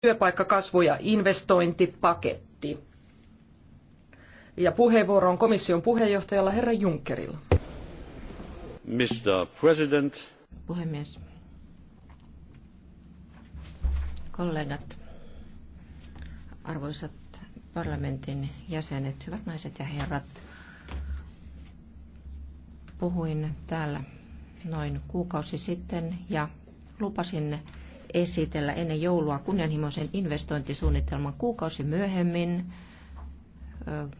työpaikkakasvu- ja investointipaketti. Ja puheenvuoro on komission puheenjohtajalla herra Junckerilla. Mr. President. Puhemies. Kollegat. Arvoisat parlamentin jäsenet, hyvät naiset ja herrat. Puhuin täällä noin kuukausi sitten ja lupasin esitellä ennen joulua kunnianhimoisen investointisuunnitelman kuukausi myöhemmin.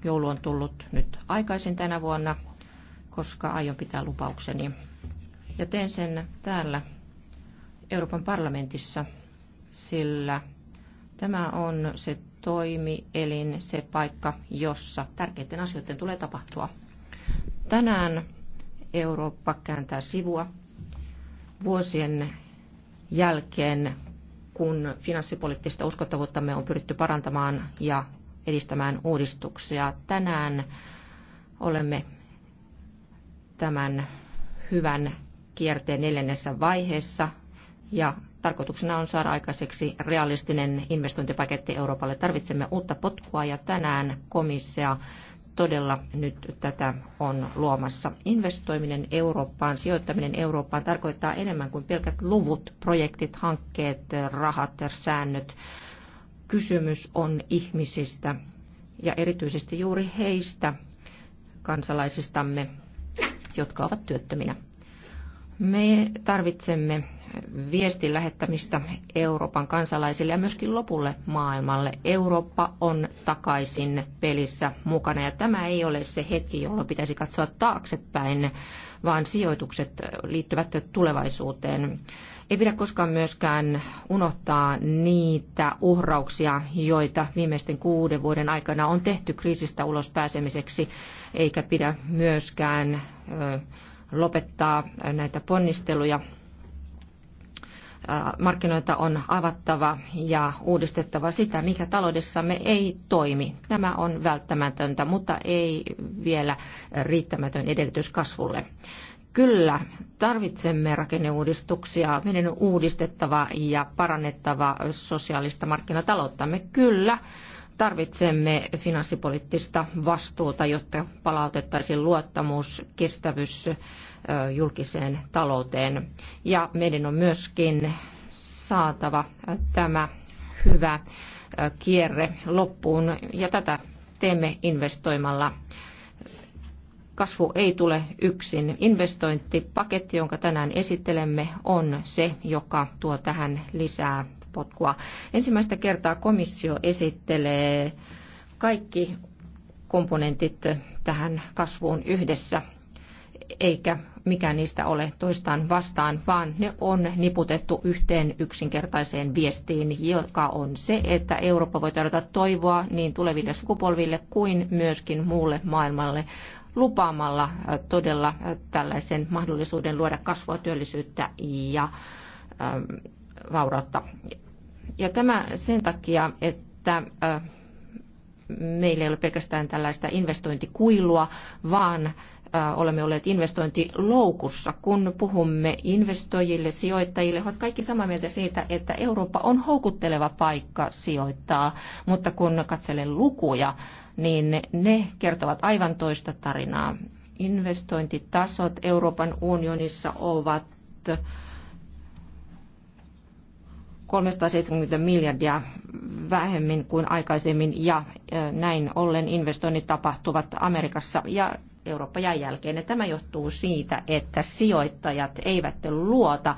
Joulu on tullut nyt aikaisin tänä vuonna, koska aion pitää lupaukseni. Ja teen sen täällä Euroopan parlamentissa, sillä tämä on se toimielin, se paikka, jossa tärkeiden asioiden tulee tapahtua. Tänään Eurooppa kääntää sivua vuosien jälkeen, kun finanssipoliittista uskottavuuttamme on pyritty parantamaan ja edistämään uudistuksia. Tänään olemme tämän hyvän kierteen neljännessä vaiheessa ja tarkoituksena on saada aikaiseksi realistinen investointipaketti Euroopalle. Tarvitsemme uutta potkua ja tänään komissio todella nyt tätä on luomassa. Investoiminen Eurooppaan, sijoittaminen Eurooppaan tarkoittaa enemmän kuin pelkät luvut, projektit, hankkeet, rahat, säännöt. Kysymys on ihmisistä ja erityisesti juuri heistä kansalaisistamme, jotka ovat työttöminä. Me tarvitsemme viestin lähettämistä Euroopan kansalaisille ja myöskin lopulle maailmalle. Eurooppa on takaisin pelissä mukana ja tämä ei ole se hetki, jolloin pitäisi katsoa taaksepäin, vaan sijoitukset liittyvät tulevaisuuteen. Ei pidä koskaan myöskään unohtaa niitä uhrauksia, joita viimeisten kuuden vuoden aikana on tehty kriisistä ulos pääsemiseksi, eikä pidä myöskään lopettaa näitä ponnisteluja markkinoita on avattava ja uudistettava sitä, mikä taloudessamme ei toimi. Tämä on välttämätöntä, mutta ei vielä riittämätön edellytys kasvulle. Kyllä, tarvitsemme rakenneuudistuksia, meidän on uudistettava ja parannettava sosiaalista markkinatalouttamme. Kyllä, tarvitsemme finanssipoliittista vastuuta, jotta palautettaisiin luottamus, kestävyys julkiseen talouteen. Ja meidän on myöskin saatava tämä hyvä kierre loppuun ja tätä teemme investoimalla. Kasvu ei tule yksin. Investointipaketti, jonka tänään esittelemme, on se, joka tuo tähän lisää vastapotkuja. Ensimmäistä kertaa komissio esittelee kaikki komponentit tähän kasvuun yhdessä, eikä mikään niistä ole toistaan vastaan, vaan ne on niputettu yhteen yksinkertaiseen viestiin, joka on se, että Eurooppa voi tarjota toivoa niin tuleville sukupolville kuin myöskin muulle maailmalle lupaamalla todella tällaisen mahdollisuuden luoda kasvua, työllisyyttä ja ähm, vaurautta ja tämä sen takia, että meillä ei ole pelkästään tällaista investointikuilua, vaan olemme olleet investointiloukussa, kun puhumme investoijille, sijoittajille, ovat kaikki samaa mieltä siitä, että Eurooppa on houkutteleva paikka sijoittaa, mutta kun katselen lukuja, niin ne kertovat aivan toista tarinaa. Investointitasot Euroopan unionissa ovat 370 miljardia vähemmän kuin aikaisemmin ja näin ollen investoinnit tapahtuvat Amerikassa ja Eurooppa jäi jälkeen. Ja tämä johtuu siitä, että sijoittajat eivät luota,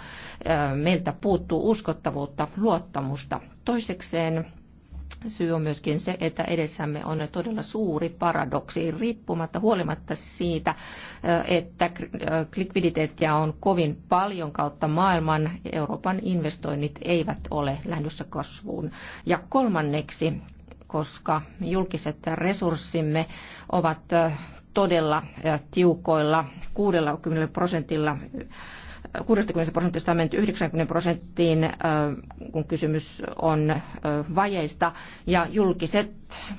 meiltä puuttuu uskottavuutta, luottamusta. Toisekseen Syy on myöskin se, että edessämme on todella suuri paradoksi, riippumatta huolimatta siitä, että likviditeettiä on kovin paljon kautta maailman. Euroopan investoinnit eivät ole lähdössä kasvuun. Ja kolmanneksi, koska julkiset resurssimme ovat todella tiukoilla 60 prosentilla 60 prosentista on menty 90 prosenttiin, kun kysymys on vajeista, ja julkiset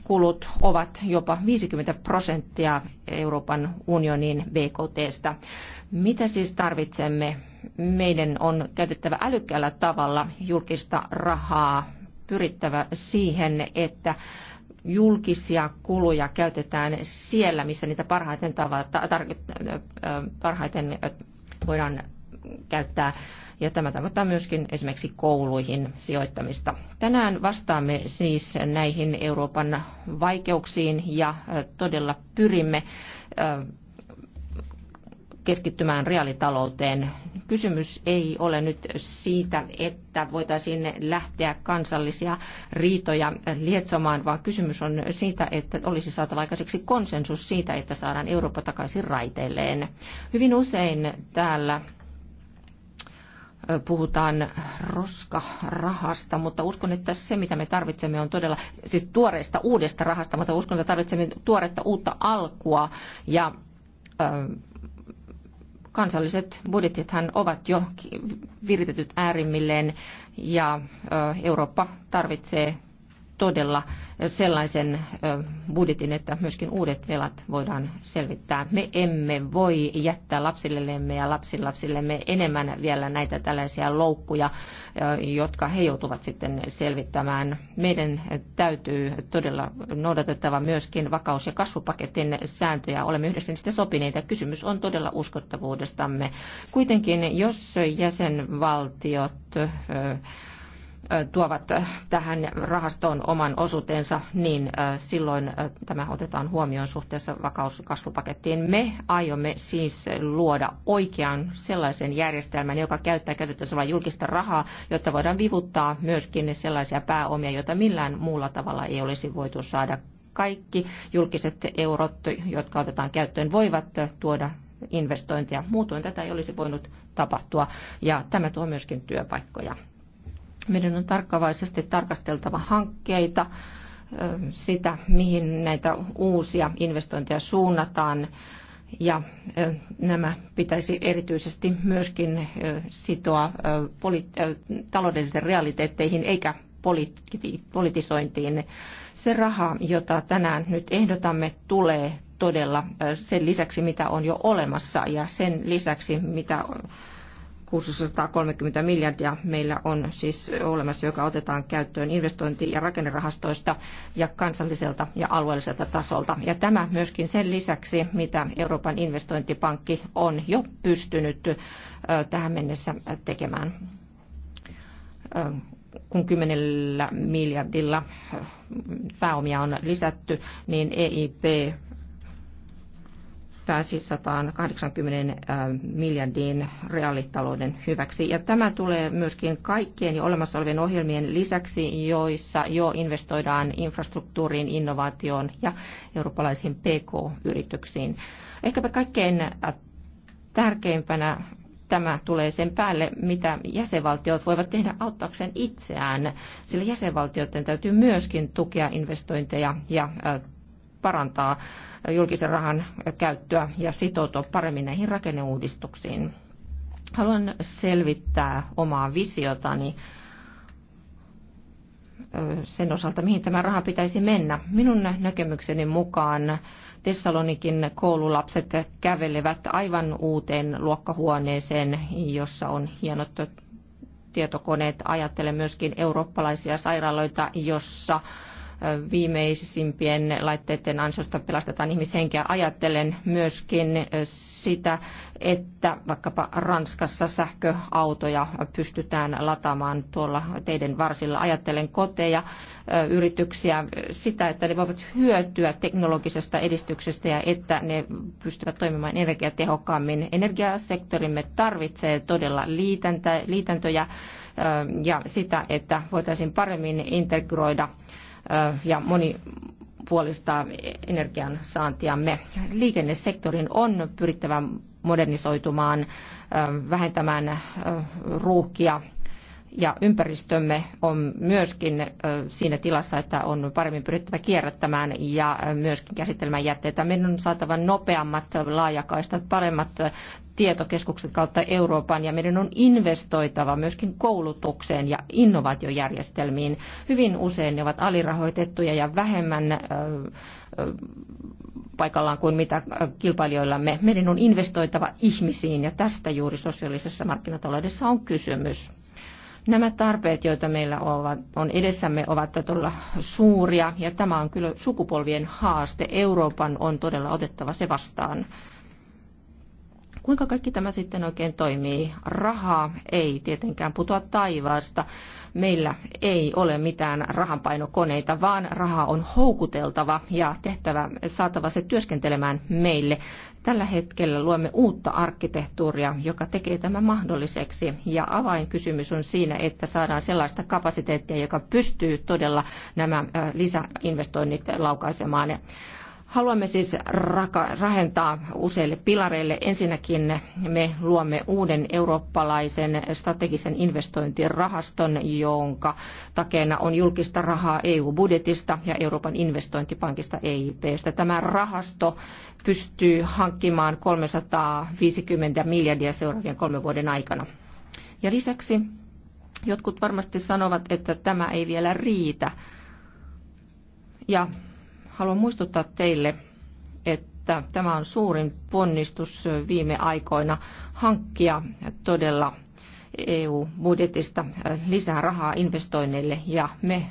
kulut ovat jopa 50 prosenttia Euroopan unionin BKTstä. Mitä siis tarvitsemme? Meidän on käytettävä älykkäällä tavalla julkista rahaa, pyrittävä siihen, että julkisia kuluja käytetään siellä, missä niitä parhaiten, tavata, tar- parhaiten voidaan käyttää. Ja tämä tarkoittaa myöskin esimerkiksi kouluihin sijoittamista. Tänään vastaamme siis näihin Euroopan vaikeuksiin ja äh, todella pyrimme äh, keskittymään reaalitalouteen. Kysymys ei ole nyt siitä, että voitaisiin lähteä kansallisia riitoja lietsomaan, vaan kysymys on siitä, että olisi saatava aikaiseksi konsensus siitä, että saadaan Eurooppa takaisin raiteilleen. Hyvin usein täällä puhutaan roskarahasta, rahasta mutta uskon, että se mitä me tarvitsemme on todella, siis tuoreesta uudesta rahasta, mutta uskon, että tarvitsemme tuoretta uutta alkua ja kansalliset budjetithan ovat jo viritetyt äärimmilleen ja Eurooppa tarvitsee todella sellaisen budjetin, että myöskin uudet velat voidaan selvittää. Me emme voi jättää lapsillemme ja lapsilapsillemme enemmän vielä näitä tällaisia loukkuja, jotka he joutuvat sitten selvittämään. Meidän täytyy todella noudatettava myöskin vakaus- ja kasvupaketin sääntöjä. Olemme yhdessä niistä sopineita. Kysymys on todella uskottavuudestamme. Kuitenkin, jos jäsenvaltiot tuovat tähän rahastoon oman osuutensa, niin silloin tämä otetaan huomioon suhteessa vakauskasvupakettiin. Me aiomme siis luoda oikean sellaisen järjestelmän, joka käyttää käytettävissä vain julkista rahaa, jotta voidaan vivuttaa myöskin sellaisia pääomia, joita millään muulla tavalla ei olisi voitu saada. Kaikki julkiset eurot, jotka otetaan käyttöön, voivat tuoda investointeja. Muutoin tätä ei olisi voinut tapahtua ja tämä tuo myöskin työpaikkoja meidän on tarkkavaisesti tarkasteltava hankkeita, sitä, mihin näitä uusia investointeja suunnataan. Ja nämä pitäisi erityisesti myöskin sitoa taloudellisiin realiteetteihin eikä politisointiin. Se raha, jota tänään nyt ehdotamme, tulee todella sen lisäksi, mitä on jo olemassa ja sen lisäksi, mitä on 630 miljardia meillä on siis olemassa, joka otetaan käyttöön investointi- ja rakennerahastoista ja kansalliselta ja alueelliselta tasolta. Ja tämä myöskin sen lisäksi, mitä Euroopan investointipankki on jo pystynyt tähän mennessä tekemään kun kymmenellä miljardilla pääomia on lisätty, niin EIP pääsi 180 äh, miljardin reaalitalouden hyväksi. Ja tämä tulee myöskin kaikkien jo olemassa olevien ohjelmien lisäksi, joissa jo investoidaan infrastruktuuriin, innovaatioon ja eurooppalaisiin PK-yrityksiin. Ehkäpä kaikkein äh, tärkeimpänä tämä tulee sen päälle, mitä jäsenvaltiot voivat tehdä auttaakseen itseään, sillä jäsenvaltioiden täytyy myöskin tukea investointeja ja äh, parantaa julkisen rahan käyttöä ja sitoutua paremmin näihin rakenneuudistuksiin. Haluan selvittää omaa visiotani sen osalta, mihin tämä raha pitäisi mennä. Minun näkemykseni mukaan Tessalonikin koululapset kävelevät aivan uuteen luokkahuoneeseen, jossa on hienot tietokoneet. Ajattelen myöskin eurooppalaisia sairaaloita, jossa viimeisimpien laitteiden ansiosta pelastetaan ihmishenkiä. Ajattelen myöskin sitä, että vaikkapa Ranskassa sähköautoja pystytään lataamaan tuolla teidän varsilla. Ajattelen koteja, yrityksiä, sitä, että ne voivat hyötyä teknologisesta edistyksestä ja että ne pystyvät toimimaan energiatehokkaammin. Energiasektorimme tarvitsee todella liitäntöjä ja sitä, että voitaisiin paremmin integroida ja moni, puolistaa energian saantiamme. Liikennesektorin on pyrittävä modernisoitumaan, vähentämään ruuhkia ja ympäristömme on myöskin siinä tilassa, että on paremmin pyrittävä kierrättämään ja myöskin käsittelemään jätteitä. Meidän on saatava nopeammat laajakaistat, paremmat tietokeskukset kautta Euroopan ja meidän on investoitava myöskin koulutukseen ja innovaatiojärjestelmiin. Hyvin usein ne ovat alirahoitettuja ja vähemmän paikallaan kuin mitä kilpailijoillamme. Meidän on investoitava ihmisiin ja tästä juuri sosiaalisessa markkinataloudessa on kysymys nämä tarpeet, joita meillä on edessämme, ovat todella suuria ja tämä on kyllä sukupolvien haaste. Euroopan on todella otettava se vastaan. Kuinka kaikki tämä sitten oikein toimii? Rahaa ei tietenkään putoa taivaasta. Meillä ei ole mitään rahanpainokoneita, vaan raha on houkuteltava ja tehtävä, saatava se työskentelemään meille. Tällä hetkellä luemme uutta arkkitehtuuria, joka tekee tämän mahdolliseksi. Ja avainkysymys on siinä, että saadaan sellaista kapasiteettia, joka pystyy todella nämä lisäinvestoinnit laukaisemaan. Haluamme siis rakentaa useille pilareille. Ensinnäkin me luomme uuden eurooppalaisen strategisen investointirahaston, jonka takeena on julkista rahaa EU-budjetista ja Euroopan investointipankista EIPstä. Tämä rahasto pystyy hankkimaan 350 miljardia seuraavien kolmen vuoden aikana. Ja lisäksi jotkut varmasti sanovat, että tämä ei vielä riitä. Ja Haluan muistuttaa teille, että tämä on suurin ponnistus viime aikoina hankkia todella EU-budjetista lisää rahaa investoinneille ja me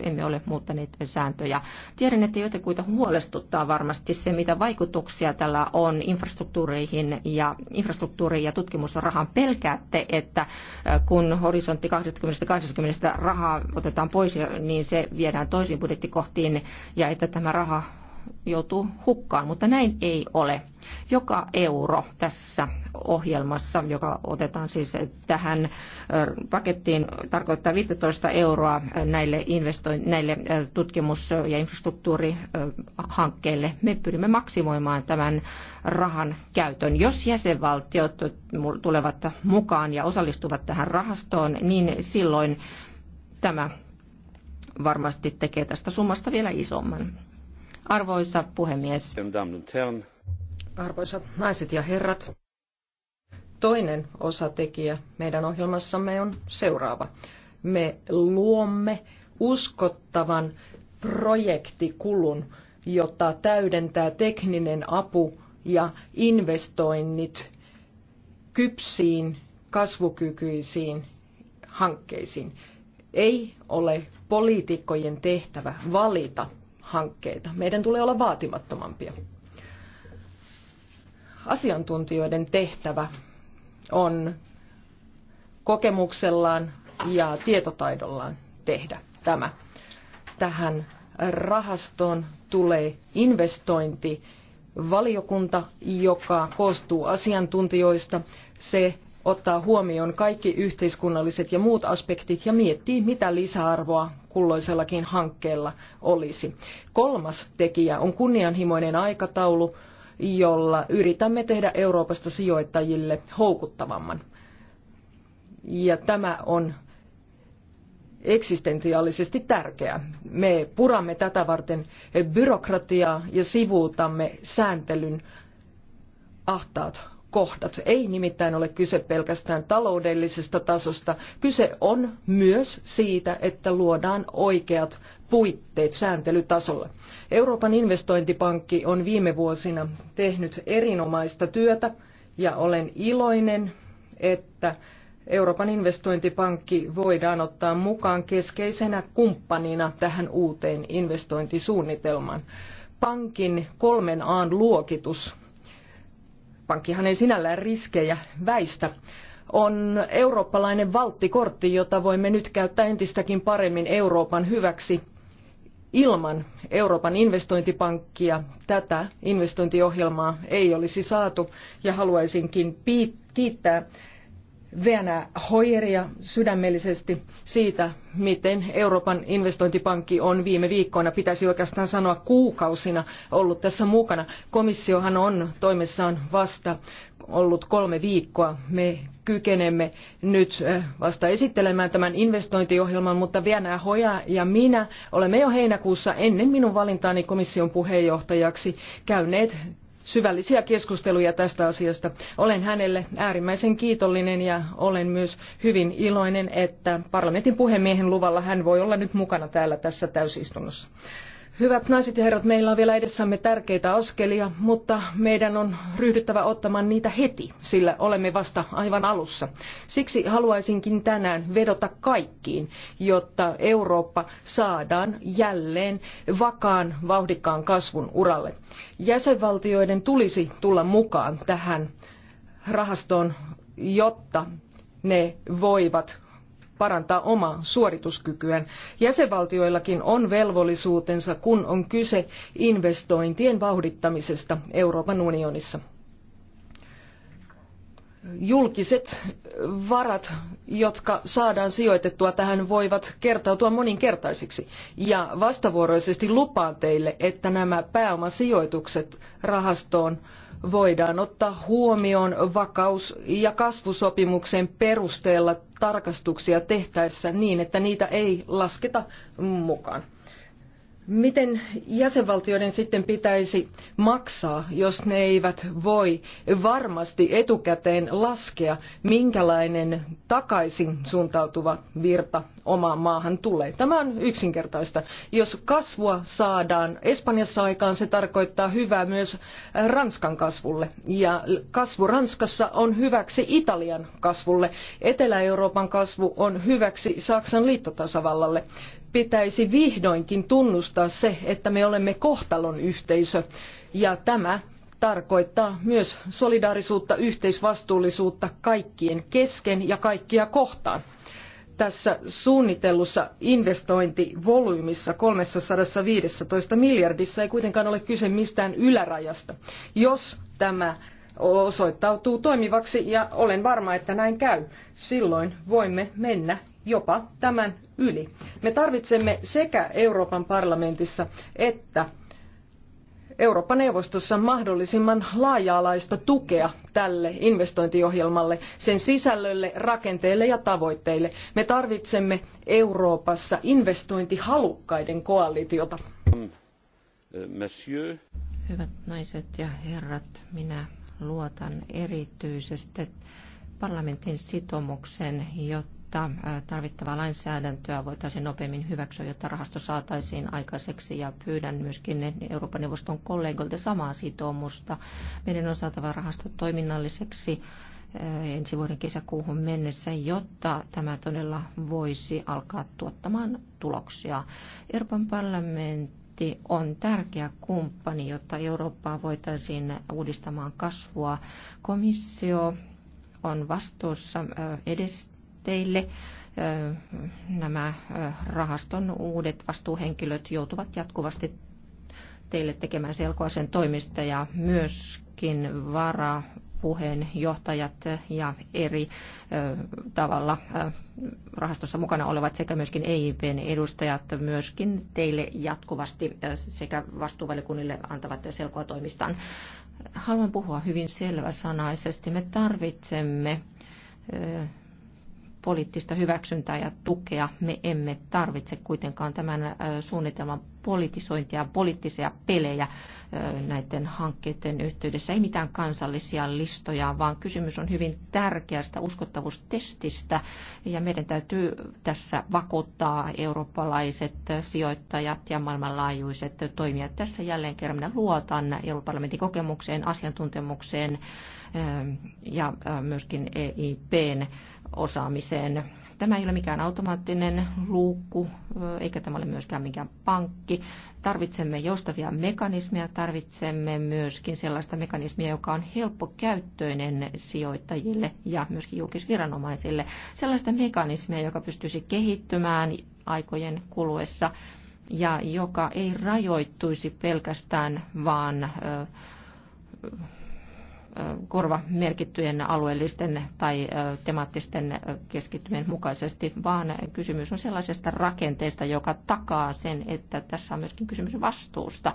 emme ole muuttaneet sääntöjä. Tiedän, että joitakuita huolestuttaa varmasti se, mitä vaikutuksia tällä on infrastruktuureihin ja infrastruktuuriin ja tutkimusrahaan. Pelkäätte, että kun horisontti 2020 rahaa otetaan pois, niin se viedään toisiin budjettikohtiin ja että tämä raha joutuu hukkaan, mutta näin ei ole joka euro tässä ohjelmassa, joka otetaan siis tähän pakettiin, tarkoittaa 15 euroa näille, investoin, näille tutkimus- ja infrastruktuurihankkeille. Me pyrimme maksimoimaan tämän rahan käytön. Jos jäsenvaltiot tulevat mukaan ja osallistuvat tähän rahastoon, niin silloin tämä varmasti tekee tästä summasta vielä isomman. Arvoisa puhemies. Arvoisat naiset ja herrat, toinen osatekijä meidän ohjelmassamme on seuraava. Me luomme uskottavan projektikulun, jota täydentää tekninen apu ja investoinnit kypsiin, kasvukykyisiin hankkeisiin. Ei ole poliitikkojen tehtävä valita hankkeita. Meidän tulee olla vaatimattomampia asiantuntijoiden tehtävä on kokemuksellaan ja tietotaidollaan tehdä tämä. Tähän rahastoon tulee investointi valiokunta, joka koostuu asiantuntijoista. Se ottaa huomioon kaikki yhteiskunnalliset ja muut aspektit ja miettii, mitä lisäarvoa kulloisellakin hankkeella olisi. Kolmas tekijä on kunnianhimoinen aikataulu, jolla yritämme tehdä Euroopasta sijoittajille houkuttavamman. Ja tämä on eksistentiaalisesti tärkeä. Me puramme tätä varten byrokratiaa ja sivuutamme sääntelyn ahtaat kohdat. Ei nimittäin ole kyse pelkästään taloudellisesta tasosta, kyse on myös siitä, että luodaan oikeat puitteet sääntelytasolla. Euroopan investointipankki on viime vuosina tehnyt erinomaista työtä ja olen iloinen, että Euroopan investointipankki voidaan ottaa mukaan keskeisenä kumppanina tähän uuteen investointisuunnitelmaan. Pankin kolmen aan luokitus, pankkihan ei sinällään riskejä väistä, on eurooppalainen valttikortti, jota voimme nyt käyttää entistäkin paremmin Euroopan hyväksi Ilman Euroopan investointipankkia tätä investointiohjelmaa ei olisi saatu ja haluaisinkin kiittää Venä Hoyeria sydämellisesti siitä, miten Euroopan investointipankki on viime viikkoina, pitäisi oikeastaan sanoa kuukausina, ollut tässä mukana. Komissiohan on toimessaan vasta ollut kolme viikkoa. Me kykenemme nyt eh, vasta esittelemään tämän investointiohjelman, mutta Vienää Hoja ja minä olemme jo heinäkuussa ennen minun valintaani komission puheenjohtajaksi käyneet syvällisiä keskusteluja tästä asiasta. Olen hänelle äärimmäisen kiitollinen ja olen myös hyvin iloinen, että parlamentin puhemiehen luvalla hän voi olla nyt mukana täällä tässä täysistunnossa. Hyvät naiset ja herrat, meillä on vielä edessämme tärkeitä askelia, mutta meidän on ryhdyttävä ottamaan niitä heti, sillä olemme vasta aivan alussa. Siksi haluaisinkin tänään vedota kaikkiin, jotta Eurooppa saadaan jälleen vakaan vauhdikkaan kasvun uralle. Jäsenvaltioiden tulisi tulla mukaan tähän rahastoon, jotta ne voivat parantaa omaa suorituskykyään. Jäsenvaltioillakin on velvollisuutensa, kun on kyse investointien vauhdittamisesta Euroopan unionissa julkiset varat, jotka saadaan sijoitettua tähän, voivat kertautua moninkertaisiksi. Ja vastavuoroisesti lupaan teille, että nämä pääomasijoitukset rahastoon voidaan ottaa huomioon vakaus- ja kasvusopimuksen perusteella tarkastuksia tehtäessä niin, että niitä ei lasketa mukaan. Miten jäsenvaltioiden sitten pitäisi maksaa, jos ne eivät voi varmasti etukäteen laskea, minkälainen takaisin suuntautuva virta omaan maahan tulee? Tämä on yksinkertaista. Jos kasvua saadaan Espanjassa aikaan, se tarkoittaa hyvää myös Ranskan kasvulle. Ja kasvu Ranskassa on hyväksi Italian kasvulle. Etelä-Euroopan kasvu on hyväksi Saksan liittotasavallalle pitäisi vihdoinkin tunnustaa se, että me olemme kohtalon yhteisö ja tämä tarkoittaa myös solidaarisuutta, yhteisvastuullisuutta kaikkien kesken ja kaikkia kohtaan. Tässä suunnitellussa investointivolyymissa 315 miljardissa ei kuitenkaan ole kyse mistään ylärajasta. Jos tämä osoittautuu toimivaksi ja olen varma, että näin käy, silloin voimme mennä jopa tämän yli. Me tarvitsemme sekä Euroopan parlamentissa että Euroopan neuvostossa mahdollisimman laaja-alaista tukea tälle investointiohjelmalle, sen sisällölle, rakenteelle ja tavoitteille. Me tarvitsemme Euroopassa investointihalukkaiden koalitiota. Hyvät naiset ja herrat, minä luotan erityisesti parlamentin sitoumukseen, jotta jotta tarvittavaa lainsäädäntöä voitaisiin nopeammin hyväksyä, jotta rahasto saataisiin aikaiseksi. Ja pyydän myöskin Euroopan neuvoston kollegoilta samaa sitoumusta. Meidän on saatava rahasto toiminnalliseksi ensi vuoden kesäkuuhun mennessä, jotta tämä todella voisi alkaa tuottamaan tuloksia. Euroopan parlamentti on tärkeä kumppani, jotta Eurooppaa voitaisiin uudistamaan kasvua. Komissio on vastuussa edes teille. Nämä rahaston uudet vastuuhenkilöt joutuvat jatkuvasti teille tekemään selkoa sen toimista ja myöskin vara puheenjohtajat ja eri tavalla rahastossa mukana olevat sekä myöskin EIPn edustajat myöskin teille jatkuvasti sekä vastuuvalikunnille antavat selkoa toimistaan. Haluan puhua hyvin selväsanaisesti. Me tarvitsemme poliittista hyväksyntää ja tukea. Me emme tarvitse kuitenkaan tämän suunnitelman politisointia, poliittisia pelejä näiden hankkeiden yhteydessä. Ei mitään kansallisia listoja, vaan kysymys on hyvin tärkeästä uskottavuustestistä. Ja meidän täytyy tässä vakuuttaa eurooppalaiset sijoittajat ja maailmanlaajuiset toimijat. Tässä jälleen kerran minä luotan Euroopan kokemukseen, asiantuntemukseen ja myöskin EIPn osaamiseen. Tämä ei ole mikään automaattinen luukku, eikä tämä ole myöskään mikään pankki. Tarvitsemme joustavia mekanismeja, tarvitsemme myöskin sellaista mekanismia, joka on helppokäyttöinen sijoittajille ja myöskin julkisviranomaisille. Sellaista mekanismia, joka pystyisi kehittymään aikojen kuluessa ja joka ei rajoittuisi pelkästään vaan korva merkittyjen alueellisten tai temaattisten keskittymien mukaisesti, vaan kysymys on sellaisesta rakenteesta, joka takaa sen, että tässä on myöskin kysymys vastuusta.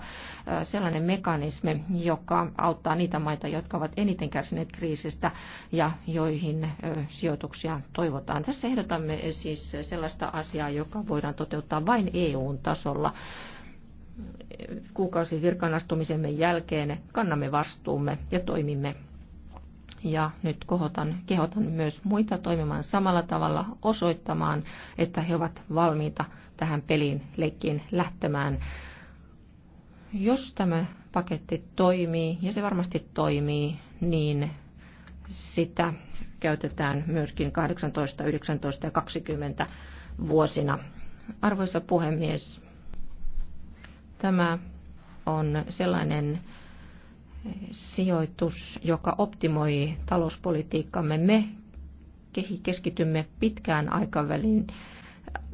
Sellainen mekanismi, joka auttaa niitä maita, jotka ovat eniten kärsineet kriisistä ja joihin sijoituksia toivotaan. Tässä ehdotamme siis sellaista asiaa, joka voidaan toteuttaa vain EU-tasolla kuukausi virkaanastumisemme jälkeen kannamme vastuumme ja toimimme. Ja nyt kohotan, kehotan myös muita toimimaan samalla tavalla osoittamaan, että he ovat valmiita tähän peliin leikkiin lähtemään. Jos tämä paketti toimii, ja se varmasti toimii, niin sitä käytetään myöskin 18, 19 ja 20 vuosina. Arvoisa puhemies, Tämä on sellainen sijoitus, joka optimoi talouspolitiikkamme. Me keskitymme pitkään aikavälin,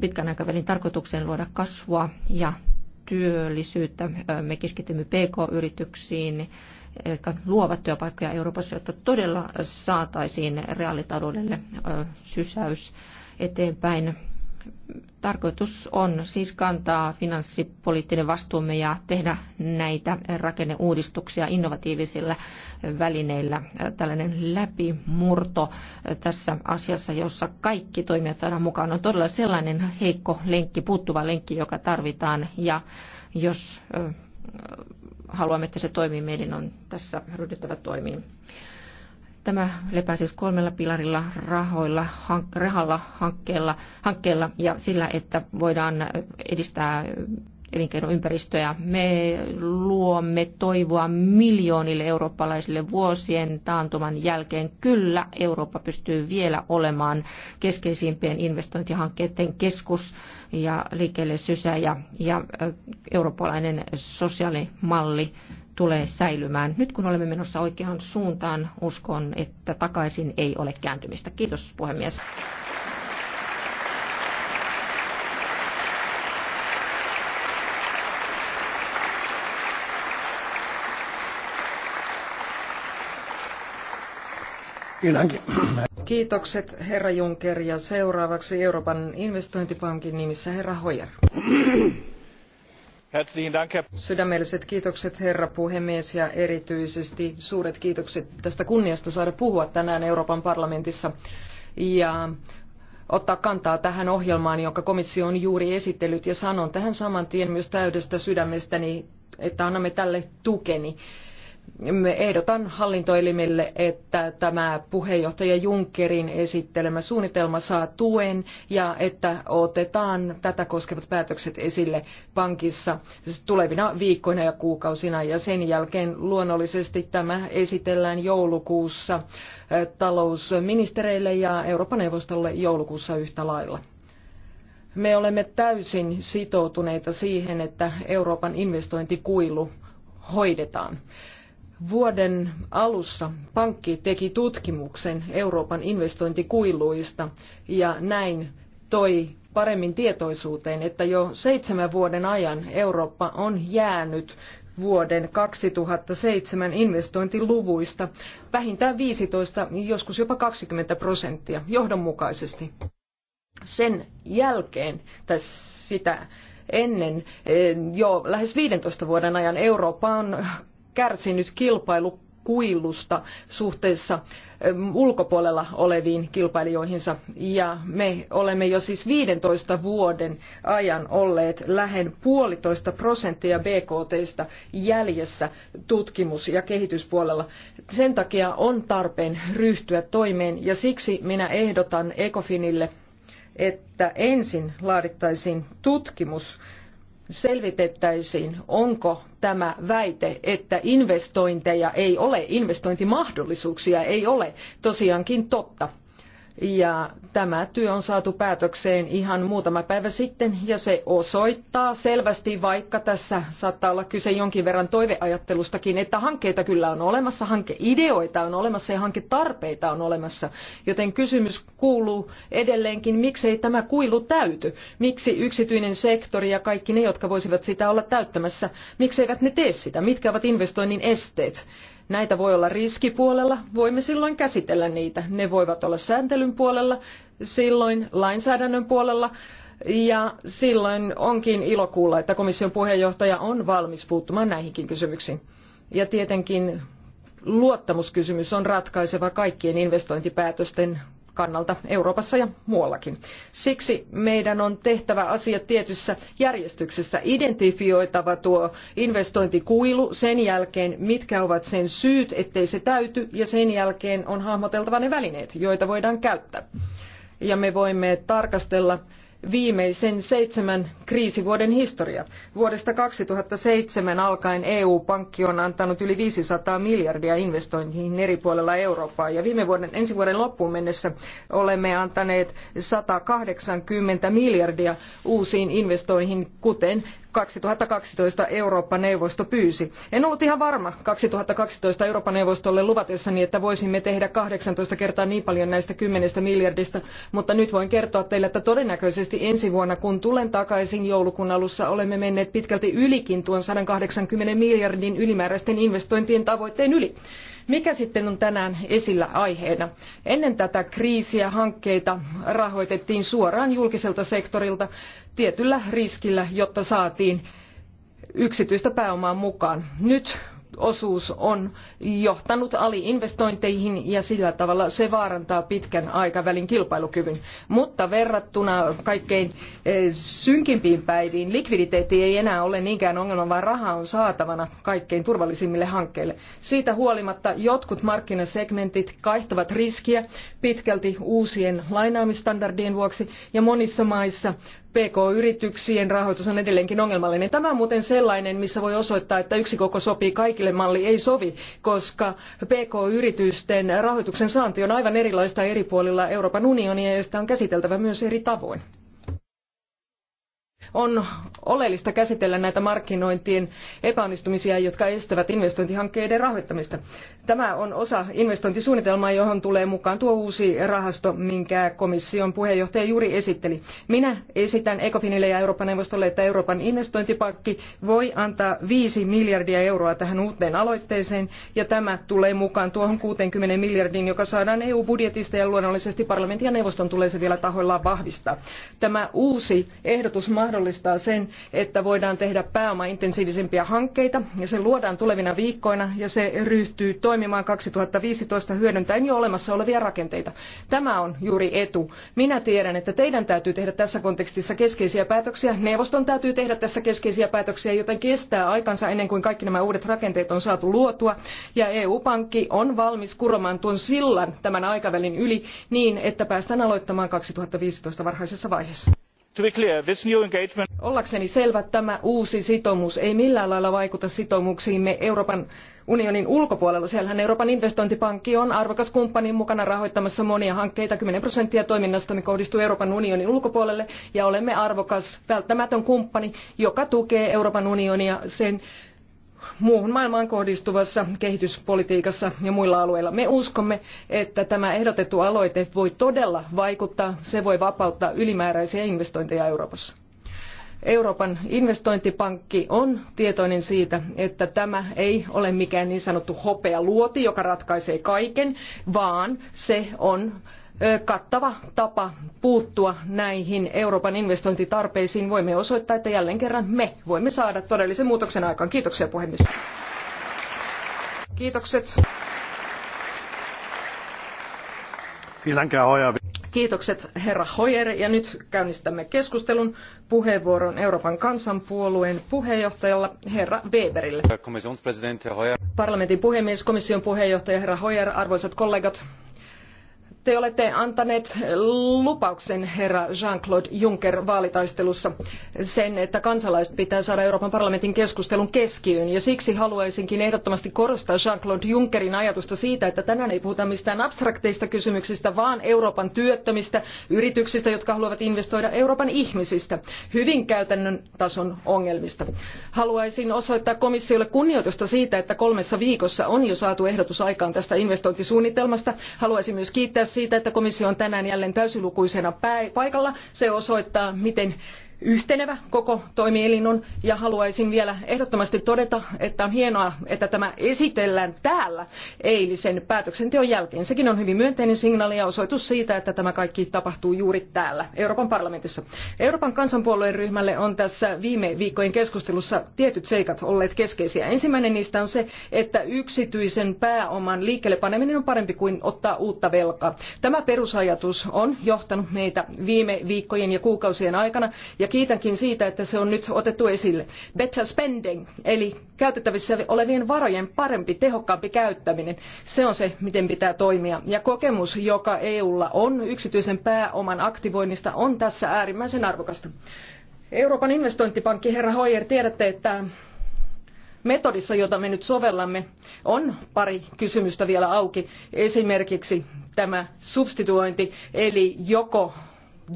pitkän aikavälin tarkoitukseen luoda kasvua ja työllisyyttä. Me keskitymme PK-yrityksiin, jotka luovat työpaikkoja Euroopassa, jotta todella saataisiin reaalitaloudelle sysäys eteenpäin tarkoitus on siis kantaa finanssipoliittinen vastuumme ja tehdä näitä rakenneuudistuksia innovatiivisilla välineillä. Tällainen läpimurto tässä asiassa, jossa kaikki toimijat saadaan mukaan, on todella sellainen heikko lenkki, puuttuva lenkki, joka tarvitaan. Ja jos haluamme, että se toimii, meidän on tässä ryhdyttävä toimiin. Tämä lepää siis kolmella pilarilla rahoilla, hank, rahalla, hankkeella, hankkeella ja sillä, että voidaan edistää elinkeinoympäristöä. Me luomme toivoa miljoonille eurooppalaisille vuosien taantuman jälkeen. Kyllä, Eurooppa pystyy vielä olemaan keskeisimpien investointihankkeiden keskus ja liikkeelle sysäjä ja eurooppalainen sosiaalimalli tulee säilymään. Nyt kun olemme menossa oikeaan suuntaan, uskon, että takaisin ei ole kääntymistä. Kiitos puhemies. Kiitokset herra Juncker ja seuraavaksi Euroopan investointipankin nimissä herra Hoyer. Sydämelliset kiitokset herra puhemies ja erityisesti suuret kiitokset tästä kunniasta saada puhua tänään Euroopan parlamentissa ja ottaa kantaa tähän ohjelmaan, jonka komissio on juuri esitellyt ja sanon tähän saman tien myös täydestä sydämestäni, että annamme tälle tukeni ehdotan hallintoelimille, että tämä puheenjohtaja Junckerin esittelemä suunnitelma saa tuen ja että otetaan tätä koskevat päätökset esille pankissa tulevina viikkoina ja kuukausina ja sen jälkeen luonnollisesti tämä esitellään joulukuussa äh, talousministereille ja Euroopan neuvostolle joulukuussa yhtä lailla. Me olemme täysin sitoutuneita siihen, että Euroopan investointikuilu hoidetaan. Vuoden alussa pankki teki tutkimuksen Euroopan investointikuiluista ja näin toi paremmin tietoisuuteen, että jo seitsemän vuoden ajan Eurooppa on jäänyt vuoden 2007 investointiluvuista vähintään 15, joskus jopa 20 prosenttia johdonmukaisesti. Sen jälkeen, tai sitä ennen, eh, jo lähes 15 vuoden ajan Eurooppa on kärsinyt kilpailukuilusta suhteessa ulkopuolella oleviin kilpailijoihinsa. Ja me olemme jo siis 15 vuoden ajan olleet lähen puolitoista prosenttia BKTstä jäljessä tutkimus- ja kehityspuolella. Sen takia on tarpeen ryhtyä toimeen ja siksi minä ehdotan Ecofinille, että ensin laadittaisiin tutkimus selvitettäisiin, onko tämä väite, että investointeja ei ole, investointimahdollisuuksia ei ole, tosiaankin totta. Ja tämä työ on saatu päätökseen ihan muutama päivä sitten ja se osoittaa selvästi, vaikka tässä saattaa olla kyse jonkin verran toiveajattelustakin, että hankkeita kyllä on olemassa, hankeideoita on olemassa ja hanketarpeita on olemassa. Joten kysymys kuuluu edelleenkin, miksei tämä kuilu täyty? Miksi yksityinen sektori ja kaikki ne, jotka voisivat sitä olla täyttämässä, eivät ne tee sitä? Mitkä ovat investoinnin esteet? Näitä voi olla riskipuolella, voimme silloin käsitellä niitä. Ne voivat olla sääntelyn puolella, silloin lainsäädännön puolella. Ja silloin onkin ilo kuulla, että komission puheenjohtaja on valmis puuttumaan näihinkin kysymyksiin. Ja tietenkin luottamuskysymys on ratkaiseva kaikkien investointipäätösten kannalta Euroopassa ja muuallakin. Siksi meidän on tehtävä asiat tietyssä järjestyksessä identifioitava tuo investointikuilu, sen jälkeen mitkä ovat sen syyt, ettei se täyty, ja sen jälkeen on hahmoteltava ne välineet, joita voidaan käyttää. Ja me voimme tarkastella viimeisen seitsemän kriisivuoden historia. Vuodesta 2007 alkaen EU-pankki on antanut yli 500 miljardia investointeihin eri puolilla Eurooppaa ja viime vuoden, ensi vuoden loppuun mennessä olemme antaneet 180 miljardia uusiin investointeihin, kuten 2012 Eurooppa-neuvosto pyysi. En ollut ihan varma 2012 Eurooppa-neuvostolle luvatessani, että voisimme tehdä 18 kertaa niin paljon näistä 10 miljardista, mutta nyt voin kertoa teille, että todennäköisesti ensi vuonna, kun tulen takaisin varsin joulukuun alussa olemme menneet pitkälti ylikin tuon 180 miljardin ylimääräisten investointien tavoitteen yli. Mikä sitten on tänään esillä aiheena? Ennen tätä kriisiä hankkeita rahoitettiin suoraan julkiselta sektorilta tietyllä riskillä, jotta saatiin yksityistä pääomaa mukaan. Nyt osuus on johtanut aliinvestointeihin ja sillä tavalla se vaarantaa pitkän aikavälin kilpailukyvyn. Mutta verrattuna kaikkein eh, synkimpiin päiviin likviditeetti ei enää ole niinkään ongelma, vaan raha on saatavana kaikkein turvallisimmille hankkeille. Siitä huolimatta jotkut markkinasegmentit kaihtavat riskiä pitkälti uusien lainaamistandardien vuoksi ja monissa maissa PK-yrityksien rahoitus on edelleenkin ongelmallinen. Tämä on muuten sellainen, missä voi osoittaa, että yksi koko sopii kaikille malli ei sovi, koska PK-yritysten rahoituksen saanti on aivan erilaista eri puolilla Euroopan unionia ja sitä on käsiteltävä myös eri tavoin on oleellista käsitellä näitä markkinointien epäonnistumisia, jotka estävät investointihankkeiden rahoittamista. Tämä on osa investointisuunnitelmaa, johon tulee mukaan tuo uusi rahasto, minkä komission puheenjohtaja juuri esitteli. Minä esitän Ecofinille ja Euroopan neuvostolle, että Euroopan investointipankki voi antaa 5 miljardia euroa tähän uuteen aloitteeseen, ja tämä tulee mukaan tuohon 60 miljardiin, joka saadaan EU-budjetista, ja luonnollisesti parlamentin ja neuvoston tulee se vielä tahoillaan vahvistaa. Tämä uusi ehdotus mahdollistaa sen, että voidaan tehdä pääomaintensiivisempiä hankkeita ja se luodaan tulevina viikkoina ja se ryhtyy toimimaan 2015 hyödyntäen jo olemassa olevia rakenteita. Tämä on juuri etu. Minä tiedän, että teidän täytyy tehdä tässä kontekstissa keskeisiä päätöksiä, neuvoston täytyy tehdä tässä keskeisiä päätöksiä, joten kestää aikansa ennen kuin kaikki nämä uudet rakenteet on saatu luotua ja EU-pankki on valmis kuromaan tuon sillan tämän aikavälin yli niin, että päästään aloittamaan 2015 varhaisessa vaiheessa. Uh, Ollakseni selvä, tämä uusi sitoumus ei millään lailla vaikuta sitoumuksiimme Euroopan unionin ulkopuolella. Siellähän Euroopan investointipankki on arvokas kumppani mukana rahoittamassa monia hankkeita. kymmenen prosenttia toiminnastamme kohdistuu Euroopan unionin ulkopuolelle ja olemme arvokas, välttämätön kumppani, joka tukee Euroopan unionia sen muuhun maailmaan kohdistuvassa kehityspolitiikassa ja muilla alueilla. Me uskomme, että tämä ehdotettu aloite voi todella vaikuttaa, se voi vapauttaa ylimääräisiä investointeja Euroopassa. Euroopan investointipankki on tietoinen siitä, että tämä ei ole mikään niin sanottu hopealuoti, joka ratkaisee kaiken, vaan se on kattava tapa puuttua näihin Euroopan investointitarpeisiin. Voimme osoittaa, että jälleen kerran me voimme saada todellisen muutoksen aikaan. Kiitoksia puhemies. Kiitokset. Kiitokset herra Hoyer ja nyt käynnistämme keskustelun puheenvuoron Euroopan kansanpuolueen puheenjohtajalla herra Weberille. Parlamentin puhemies, komission puheenjohtaja herra Hoyer, arvoisat kollegat, te olette antaneet lupauksen herra Jean-Claude Juncker vaalitaistelussa sen, että kansalaiset pitää saada Euroopan parlamentin keskustelun keskiöön. Ja siksi haluaisinkin ehdottomasti korostaa Jean-Claude Junckerin ajatusta siitä, että tänään ei puhuta mistään abstrakteista kysymyksistä, vaan Euroopan työttömistä, yrityksistä, jotka haluavat investoida Euroopan ihmisistä, hyvin käytännön tason ongelmista. Haluaisin osoittaa komissiolle kunnioitusta siitä, että kolmessa viikossa on jo saatu ehdotus aikaan tästä investointisuunnitelmasta. Haluaisin myös kiittää siitä, että komissio on tänään jälleen täysilukuisena paikalla. Se osoittaa, miten yhtenevä koko toimielin on ja haluaisin vielä ehdottomasti todeta, että on hienoa, että tämä esitellään täällä eilisen päätöksenteon jälkeen. Sekin on hyvin myönteinen signaali ja osoitus siitä, että tämä kaikki tapahtuu juuri täällä Euroopan parlamentissa. Euroopan kansanpuolueen ryhmälle on tässä viime viikkojen keskustelussa tietyt seikat olleet keskeisiä. Ensimmäinen niistä on se, että yksityisen pääoman liikkeelle paneminen on parempi kuin ottaa uutta velkaa. Tämä perusajatus on johtanut meitä viime viikkojen ja kuukausien aikana ja kiitänkin siitä, että se on nyt otettu esille. Better spending, eli käytettävissä olevien varojen parempi, tehokkaampi käyttäminen, se on se, miten pitää toimia. Ja kokemus, joka EUlla on yksityisen pääoman aktivoinnista, on tässä äärimmäisen arvokasta. Euroopan investointipankki, herra Hoyer, tiedätte, että metodissa, jota me nyt sovellamme, on pari kysymystä vielä auki. Esimerkiksi tämä substituointi, eli joko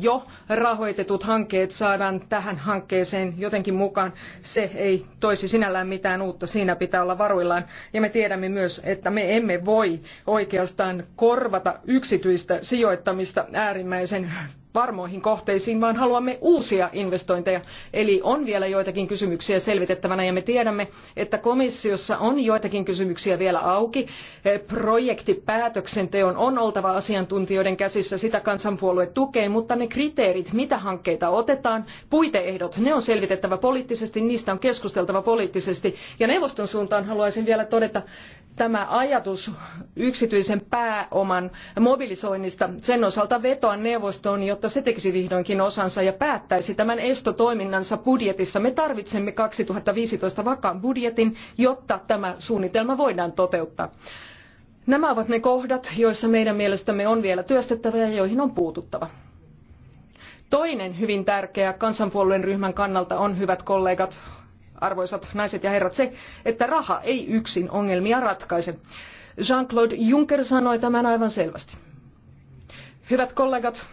jo rahoitetut hankkeet saadaan tähän hankkeeseen jotenkin mukaan. Se ei toisi sinällään mitään uutta, siinä pitää olla varuillaan. Ja me tiedämme myös, että me emme voi oikeastaan korvata yksityistä sijoittamista äärimmäisen varmoihin kohteisiin, vaan haluamme uusia investointeja. Eli on vielä joitakin kysymyksiä selvitettävänä ja me tiedämme, että komissiossa on joitakin kysymyksiä vielä auki. Eh, projektipäätöksenteon on oltava asiantuntijoiden käsissä, sitä kansanpuolue tukee, mutta ne kriteerit, mitä hankkeita otetaan, puiteehdot, ne on selvitettävä poliittisesti, niistä on keskusteltava poliittisesti. Ja neuvoston suuntaan haluaisin vielä todeta, tämä ajatus yksityisen pääoman mobilisoinnista sen osalta vetoa neuvostoon, jotta se tekisi vihdoinkin osansa ja päättäisi tämän estotoiminnansa budjetissa. Me tarvitsemme 2015 vakaan budjetin, jotta tämä suunnitelma voidaan toteuttaa. Nämä ovat ne kohdat, joissa meidän mielestämme on vielä työstettävä ja joihin on puututtava. Toinen hyvin tärkeä kansanpuolueen ryhmän kannalta on, hyvät kollegat, arvoisat naiset ja herrat, se, että raha ei yksin ongelmia ratkaise. Jean-Claude Juncker sanoi tämän aivan selvästi. Hyvät kollegat,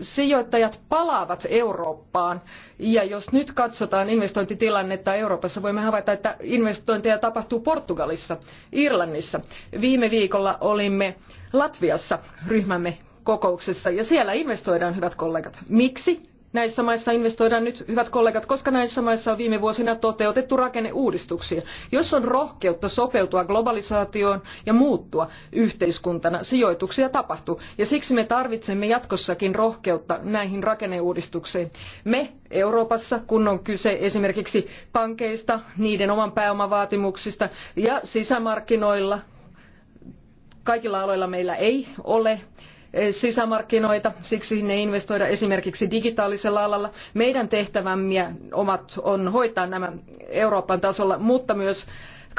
sijoittajat palaavat Eurooppaan. Ja jos nyt katsotaan investointitilannetta Euroopassa, voimme havaita, että investointeja tapahtuu Portugalissa, Irlannissa. Viime viikolla olimme Latviassa ryhmämme kokouksessa ja siellä investoidaan, hyvät kollegat. Miksi? Näissä maissa investoidaan nyt, hyvät kollegat, koska näissä maissa on viime vuosina toteutettu rakenneuudistuksia. Jos on rohkeutta sopeutua globalisaatioon ja muuttua yhteiskuntana, sijoituksia tapahtuu. Ja siksi me tarvitsemme jatkossakin rohkeutta näihin rakenneuudistuksiin. Me Euroopassa, kun on kyse esimerkiksi pankeista, niiden oman pääomavaatimuksista ja sisämarkkinoilla, kaikilla aloilla meillä ei ole sisämarkkinoita, siksi sinne investoida esimerkiksi digitaalisella alalla. Meidän tehtävämme omat on hoitaa nämä Euroopan tasolla, mutta myös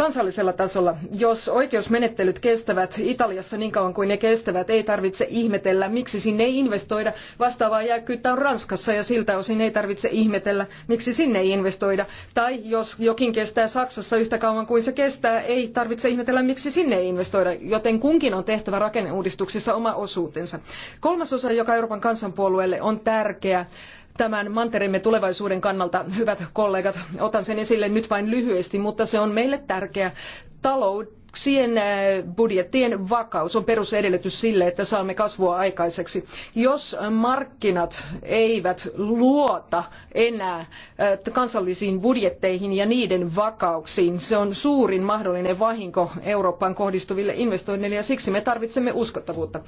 kansallisella tasolla. Jos oikeusmenettelyt kestävät Italiassa niin kauan kuin ne kestävät, ei tarvitse ihmetellä, miksi sinne ei investoida. Vastaavaa jääkkyyttä on Ranskassa ja siltä osin ei tarvitse ihmetellä, miksi sinne ei investoida. Tai jos jokin kestää Saksassa yhtä kauan kuin se kestää, ei tarvitse ihmetellä, miksi sinne ei investoida. Joten kunkin on tehtävä rakenneuudistuksissa oma osuutensa. Kolmas osa, joka Euroopan kansanpuolueelle on tärkeä, tämän mantereemme tulevaisuuden kannalta, hyvät kollegat. Otan sen esille nyt vain lyhyesti, mutta se on meille tärkeä. Talous Kustannuksien äh, budjettien vakaus on perusedellytys sille, että saamme kasvua aikaiseksi. Jos äh, markkinat eivät luota enää äh, kansallisiin budjetteihin ja niiden vakauksiin, se on suurin mahdollinen vahinko Eurooppaan kohdistuville investoinneille ja siksi me tarvitsemme uskottavuutta.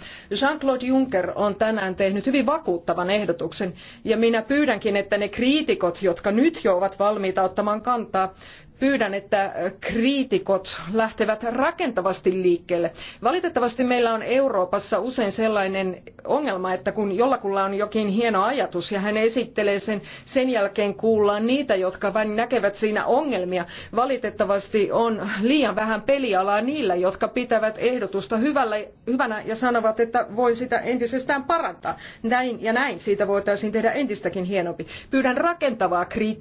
Jean-Claude Juncker on tänään tehnyt hyvin vakuuttavan ehdotuksen ja minä pyydänkin, että ne kriitikot, jotka nyt jo ovat valmiita ottamaan kantaa, pyydän, että kriitikot lähtevät rakentavasti liikkeelle. Valitettavasti meillä on Euroopassa usein sellainen ongelma, että kun jollakulla on jokin hieno ajatus ja hän esittelee sen, sen jälkeen kuullaan niitä, jotka vain näkevät siinä ongelmia. Valitettavasti on liian vähän pelialaa niillä, jotka pitävät ehdotusta hyvällä, hyvänä ja sanovat, että voi sitä entisestään parantaa. Näin ja näin siitä voitaisiin tehdä entistäkin hienompi. Pyydän rakentavaa kritiikkiä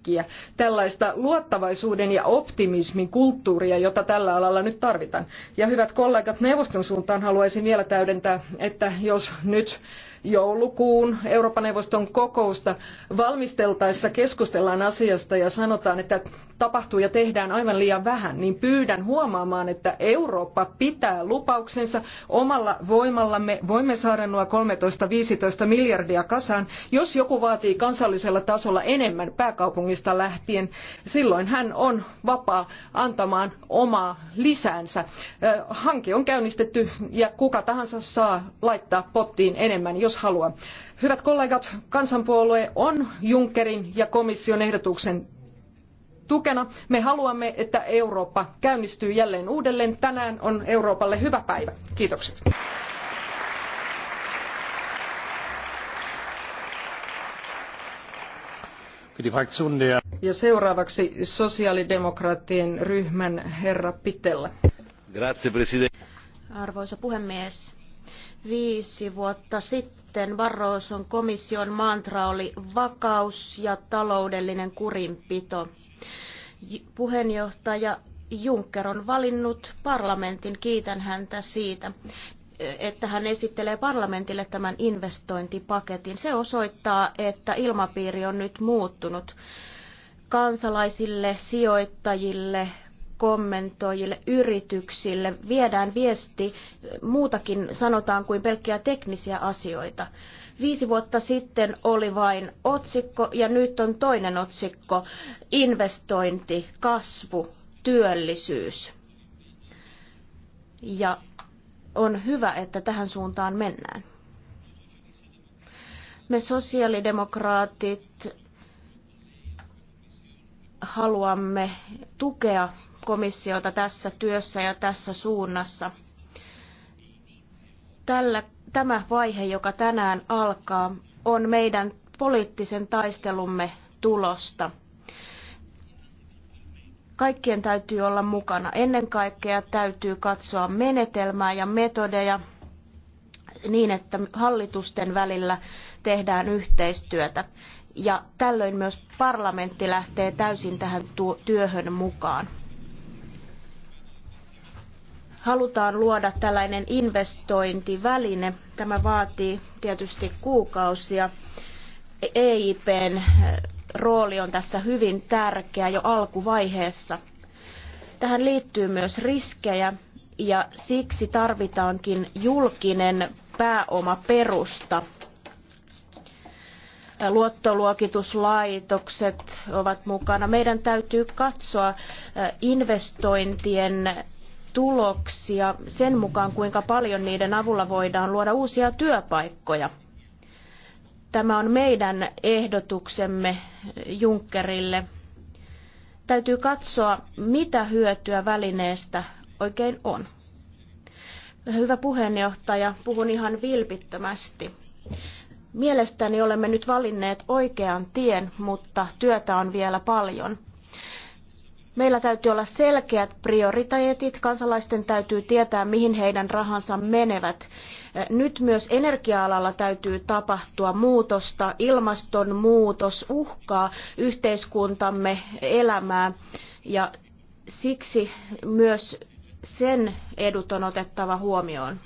äkkiä tällaista luottavaisuuden ja optimismin kulttuuria, jota tällä alalla nyt tarvitaan. Ja hyvät kollegat, neuvoston suuntaan haluaisin vielä täydentää, että jos nyt joulukuun Euroopan neuvoston kokousta valmisteltaessa keskustellaan asiasta ja sanotaan, että tapahtuu ja tehdään aivan liian vähän, niin pyydän huomaamaan, että Eurooppa pitää lupauksensa. Omalla voimallamme voimme saada nuo 13-15 miljardia kasaan. Jos joku vaatii kansallisella tasolla enemmän pääkaupungista lähtien, silloin hän on vapaa antamaan omaa lisäänsä. Hanke on käynnistetty ja kuka tahansa saa laittaa pottiin enemmän, jos halua. Hyvät kollegat, kansanpuolue on Junckerin ja komission ehdotuksen tukena. Me haluamme, että Eurooppa käynnistyy jälleen uudelleen. Tänään on Euroopalle hyvä päivä. Kiitokset. Ja seuraavaksi sosiaalidemokraattien ryhmän herra Pitellä. Arvoisa puhemies, Viisi vuotta sitten Barroson komission mantra oli vakaus ja taloudellinen kurinpito. Puheenjohtaja Juncker on valinnut parlamentin, kiitän häntä siitä, että hän esittelee parlamentille tämän investointipaketin. Se osoittaa, että ilmapiiri on nyt muuttunut kansalaisille, sijoittajille, kommentoijille, yrityksille viedään viesti, muutakin sanotaan kuin pelkkiä teknisiä asioita. Viisi vuotta sitten oli vain otsikko ja nyt on toinen otsikko, investointi, kasvu, työllisyys. Ja on hyvä, että tähän suuntaan mennään. Me sosiaalidemokraatit haluamme tukea komissiota tässä työssä ja tässä suunnassa. Tällä, tämä vaihe, joka tänään alkaa, on meidän poliittisen taistelumme tulosta. Kaikkien täytyy olla mukana. Ennen kaikkea täytyy katsoa menetelmää ja metodeja niin, että hallitusten välillä tehdään yhteistyötä. Ja tällöin myös parlamentti lähtee täysin tähän työhön mukaan halutaan luoda tällainen investointiväline. Tämä vaatii tietysti kuukausia. EIPn eh, rooli on tässä hyvin tärkeä jo alkuvaiheessa. Tähän liittyy myös riskejä ja siksi tarvitaankin julkinen pääomaperusta. Luottoluokituslaitokset ovat mukana. Meidän täytyy katsoa eh, investointien tuloksia sen mukaan, kuinka paljon niiden avulla voidaan luoda uusia työpaikkoja. Tämä on meidän ehdotuksemme Junckerille. Täytyy katsoa, mitä hyötyä välineestä oikein on. Hyvä puheenjohtaja, puhun ihan vilpittömästi. Mielestäni olemme nyt valinneet oikean tien, mutta työtä on vielä paljon. Meillä täytyy olla selkeät prioriteetit. Kansalaisten täytyy tietää, mihin heidän rahansa menevät. Nyt myös energia-alalla täytyy tapahtua muutosta. Ilmastonmuutos uhkaa yhteiskuntamme elämää ja siksi myös sen edut on otettava huomioon.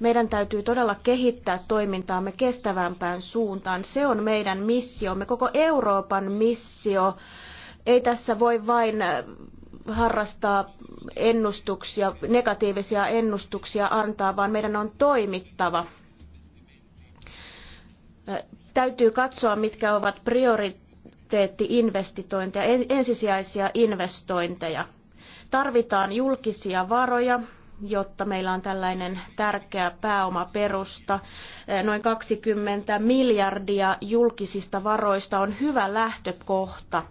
Meidän täytyy todella kehittää toimintaamme kestävämpään suuntaan. Se on meidän missiomme, koko Euroopan missio ei tässä voi vain äh, harrastaa ennustuksia, negatiivisia ennustuksia antaa, vaan meidän on toimittava. Äh, täytyy katsoa, mitkä ovat prioriteetti investitointeja ensisijaisia investointeja. Tarvitaan julkisia varoja, jotta meillä on tällainen tärkeä pääomaperusta. Äh, noin 20 miljardia julkisista varoista on hyvä lähtökohta –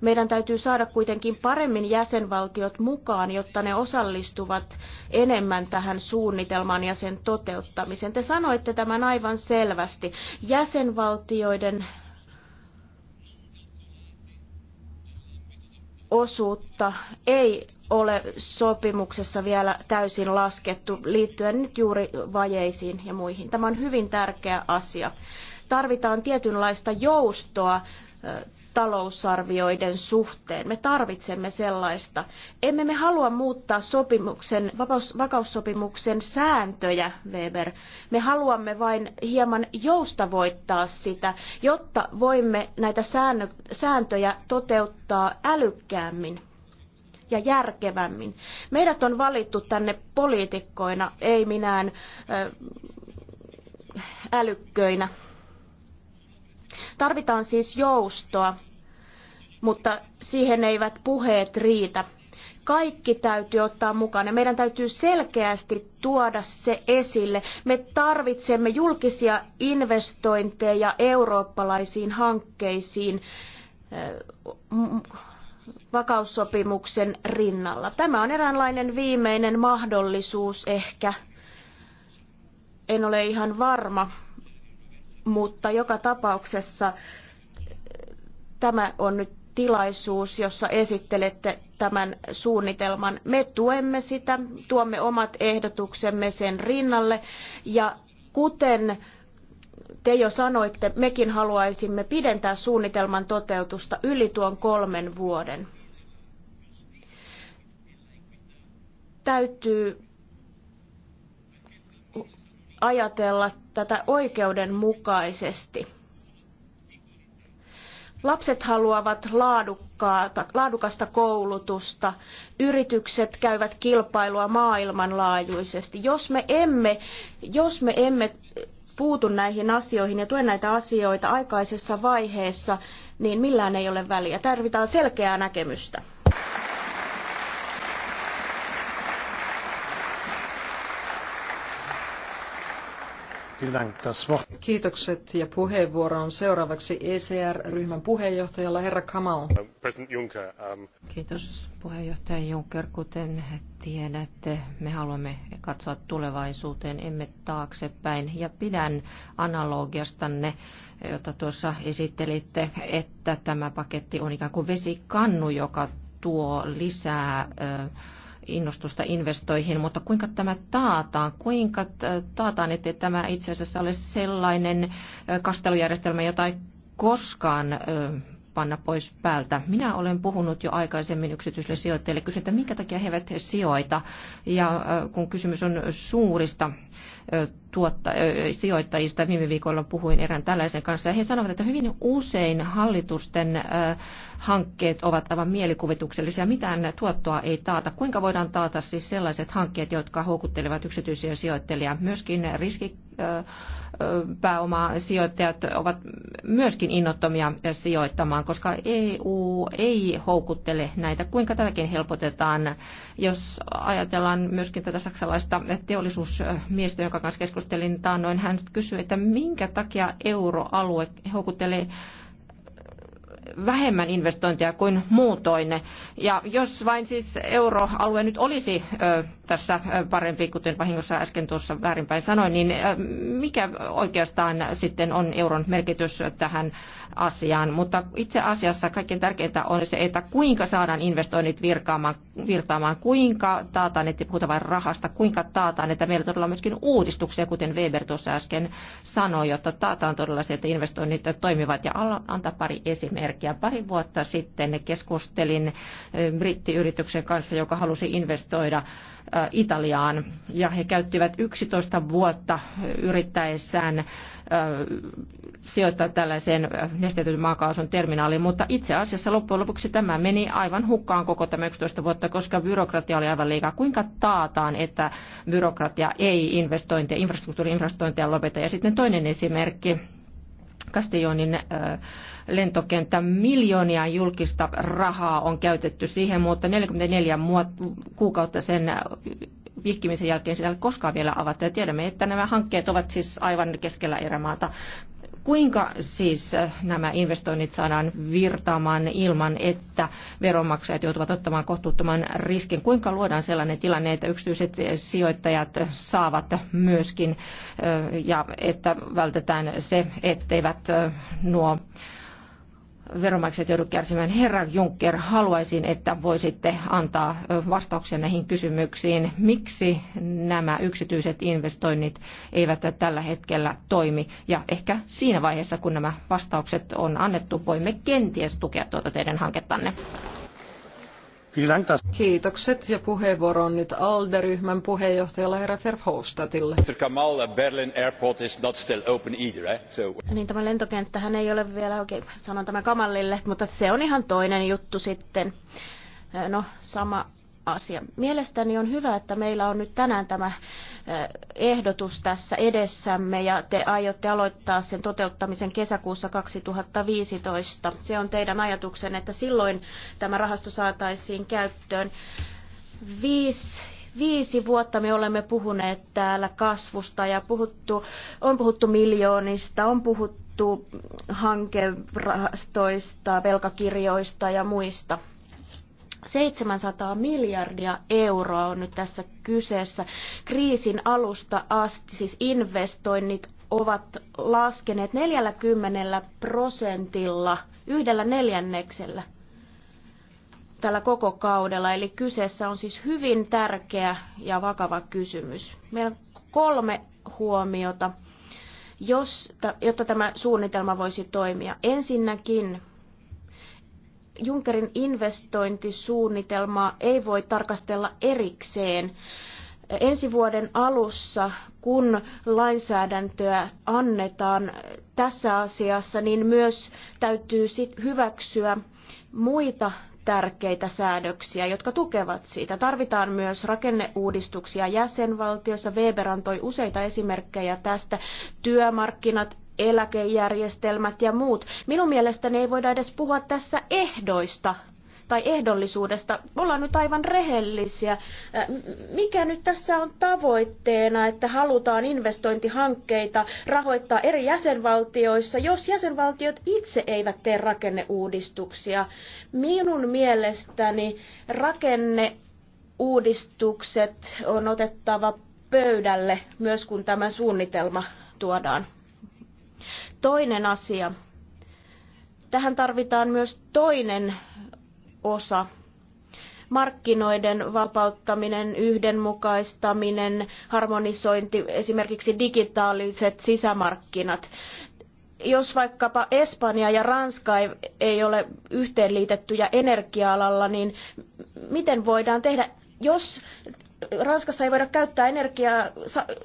meidän täytyy saada kuitenkin paremmin jäsenvaltiot mukaan, jotta ne osallistuvat enemmän tähän suunnitelmaan ja sen toteuttamiseen. Te sanoitte tämän aivan selvästi. Jäsenvaltioiden osuutta ei ole sopimuksessa vielä täysin laskettu liittyen nyt juuri vajeisiin ja muihin. Tämä on hyvin tärkeä asia. Tarvitaan tietynlaista joustoa talousarvioiden suhteen. Me tarvitsemme sellaista. Emme me halua muuttaa sopimuksen, vapaus, vakaussopimuksen sääntöjä, Weber. Me haluamme vain hieman joustavoittaa sitä, jotta voimme näitä säännö, sääntöjä toteuttaa älykkäämmin ja järkevämmin. Meidät on valittu tänne poliitikkoina, ei minään älykköinä. Tarvitaan siis joustoa, mutta siihen eivät puheet riitä. Kaikki täytyy ottaa mukaan ja meidän täytyy selkeästi tuoda se esille. Me tarvitsemme julkisia investointeja eurooppalaisiin hankkeisiin eh, vakaussopimuksen rinnalla. Tämä on eräänlainen viimeinen mahdollisuus ehkä. En ole ihan varma, mutta joka tapauksessa eh, tämä on nyt tilaisuus, jossa esittelette tämän suunnitelman. Me tuemme sitä, tuomme omat ehdotuksemme sen rinnalle ja kuten te jo sanoitte, mekin haluaisimme pidentää suunnitelman toteutusta yli tuon kolmen vuoden. Täytyy ajatella tätä oikeudenmukaisesti. Lapset haluavat laadukasta koulutusta, yritykset käyvät kilpailua maailmanlaajuisesti. Jos me emme, jos me emme puutu näihin asioihin ja tue näitä asioita aikaisessa vaiheessa, niin millään ei ole väliä. Tarvitaan selkeää näkemystä. Kiitokset ja puheenvuoro on seuraavaksi ECR-ryhmän puheenjohtajalla herra Kamal. Um- Kiitos puheenjohtaja Juncker. Kuten tiedätte, me haluamme katsoa tulevaisuuteen, emme taaksepäin. Ja pidän analogiastanne, jota tuossa esittelitte, että tämä paketti on ikään kuin vesikannu, joka tuo lisää innostusta investoihin, mutta kuinka tämä taataan? Kuinka taataan, että tämä itse asiassa ole sellainen kastelujärjestelmä, jota ei koskaan panna pois päältä. Minä olen puhunut jo aikaisemmin yksityisille sijoittajille, kysyn, että minkä takia he eivät sijoita, ja kun kysymys on suurista tuotta, sijoittajista. Viime viikolla puhuin erään tällaisen kanssa ja he sanovat, että hyvin usein hallitusten hankkeet ovat aivan mielikuvituksellisia. Mitään tuottoa ei taata. Kuinka voidaan taata siis sellaiset hankkeet, jotka houkuttelevat yksityisiä sijoittajia? Myöskin riskipääomasijoittajat ovat myöskin innottomia sijoittamaan, koska EU ei houkuttele näitä. Kuinka tätäkin helpotetaan, jos ajatellaan myöskin tätä saksalaista teollisuusmiestä, joka jonka kanssa keskustelin taannoin, hän kysyi, että minkä takia euroalue houkuttelee vähemmän investointeja kuin muutoin. Ja jos vain siis euroalue nyt olisi tässä parempi, kuten vahingossa äsken tuossa väärinpäin sanoin, niin mikä oikeastaan sitten on euron merkitys tähän asiaan? Mutta itse asiassa kaikkein tärkeintä on se, että kuinka saadaan investoinnit virkaamaan, virtaamaan, kuinka taataan, että puhutaan vain rahasta, kuinka taataan, että meillä todella myöskin uudistuksia, kuten Weber tuossa äsken sanoi, jotta taataan todella se, että investoinnit toimivat. Ja antaa pari esimerkkiä. Pari vuotta sitten keskustelin brittiyrityksen kanssa, joka halusi investoida Äh, Italiaan ja he käyttivät 11 vuotta yrittäessään äh, sijoittaa tällaiseen äh, nestetyn maakaasun terminaaliin, mutta itse asiassa loppujen lopuksi tämä meni aivan hukkaan koko tämä 11 vuotta, koska byrokratia oli aivan liikaa. Kuinka taataan, että byrokratia ei investointeja, infrastruktuuriinvestointeja lopeta? Ja sitten toinen esimerkki, Castellonin äh, lentokenttä. Miljoonia julkista rahaa on käytetty siihen, mutta 44 kuukautta sen vihkimisen jälkeen sitä ei koskaan vielä avata. Ja tiedämme, että nämä hankkeet ovat siis aivan keskellä erämaata. Kuinka siis eh, nämä investoinnit saadaan virtaamaan ilman, että veronmaksajat joutuvat ottamaan kohtuuttoman riskin? Kuinka luodaan sellainen tilanne, että yksityiset sijoittajat saavat myöskin eh, ja että vältetään se, etteivät eh, nuo veronmaksajat joudu kärsimään. Herra Juncker, haluaisin, että voisitte antaa vastauksia näihin kysymyksiin. Miksi nämä yksityiset investoinnit eivät tällä hetkellä toimi? Ja ehkä siinä vaiheessa, kun nämä vastaukset on annettu, voimme kenties tukea tuota teidän hankettanne. Kiitokset ja puheenvuoro on nyt ALDE-ryhmän puheenjohtajalla herra Verhofstadtille. Kamal, uh, Berlin Airport is not still open either, eh? so... Uh, niin tämä lentokenttähän ei ole vielä oikein, sanon tämä Kamalille, mutta se on ihan toinen juttu sitten. No, sama asia. Mielestäni on hyvä, että meillä on nyt tänään tämä ehdotus tässä edessämme ja te aiotte aloittaa sen toteuttamisen kesäkuussa 2015. Se on teidän ajatuksen, että silloin tämä rahasto saataisiin käyttöön. Viisi viisi vuotta me olemme puhuneet täällä kasvusta ja puhuttu, on puhuttu miljoonista, on puhuttu hankerahastoista, velkakirjoista ja muista. 700 miljardia euroa on nyt tässä kyseessä. Kriisin alusta asti siis investoinnit ovat laskeneet 40 prosentilla yhdellä neljänneksellä tällä koko kaudella. Eli kyseessä on siis hyvin tärkeä ja vakava kysymys. Meillä on kolme huomiota, jos, jotta tämä suunnitelma voisi toimia. Ensinnäkin Junckerin investointisuunnitelmaa ei voi tarkastella erikseen. Ensi vuoden alussa, kun lainsäädäntöä annetaan tässä asiassa, niin myös täytyy sit hyväksyä muita tärkeitä säädöksiä, jotka tukevat siitä. Tarvitaan myös rakenneuudistuksia jäsenvaltiossa. Weber antoi useita esimerkkejä tästä. Työmarkkinat, eläkejärjestelmät ja muut. Minun mielestäni ei voida edes puhua tässä ehdoista tai ehdollisuudesta. Ollaan nyt aivan rehellisiä. Mikä nyt tässä on tavoitteena, että halutaan investointihankkeita rahoittaa eri jäsenvaltioissa, jos jäsenvaltiot itse eivät tee rakenneuudistuksia? Minun mielestäni rakenneuudistukset on otettava pöydälle myös kun tämä suunnitelma tuodaan Toinen asia. Tähän tarvitaan myös toinen osa. Markkinoiden vapauttaminen, yhdenmukaistaminen, harmonisointi, esimerkiksi digitaaliset sisämarkkinat jos vaikkapa Espanja ja Ranska ei, ole yhteenliitettyjä energia-alalla, niin miten voidaan tehdä, jos Ranskassa ei voida käyttää energiaa,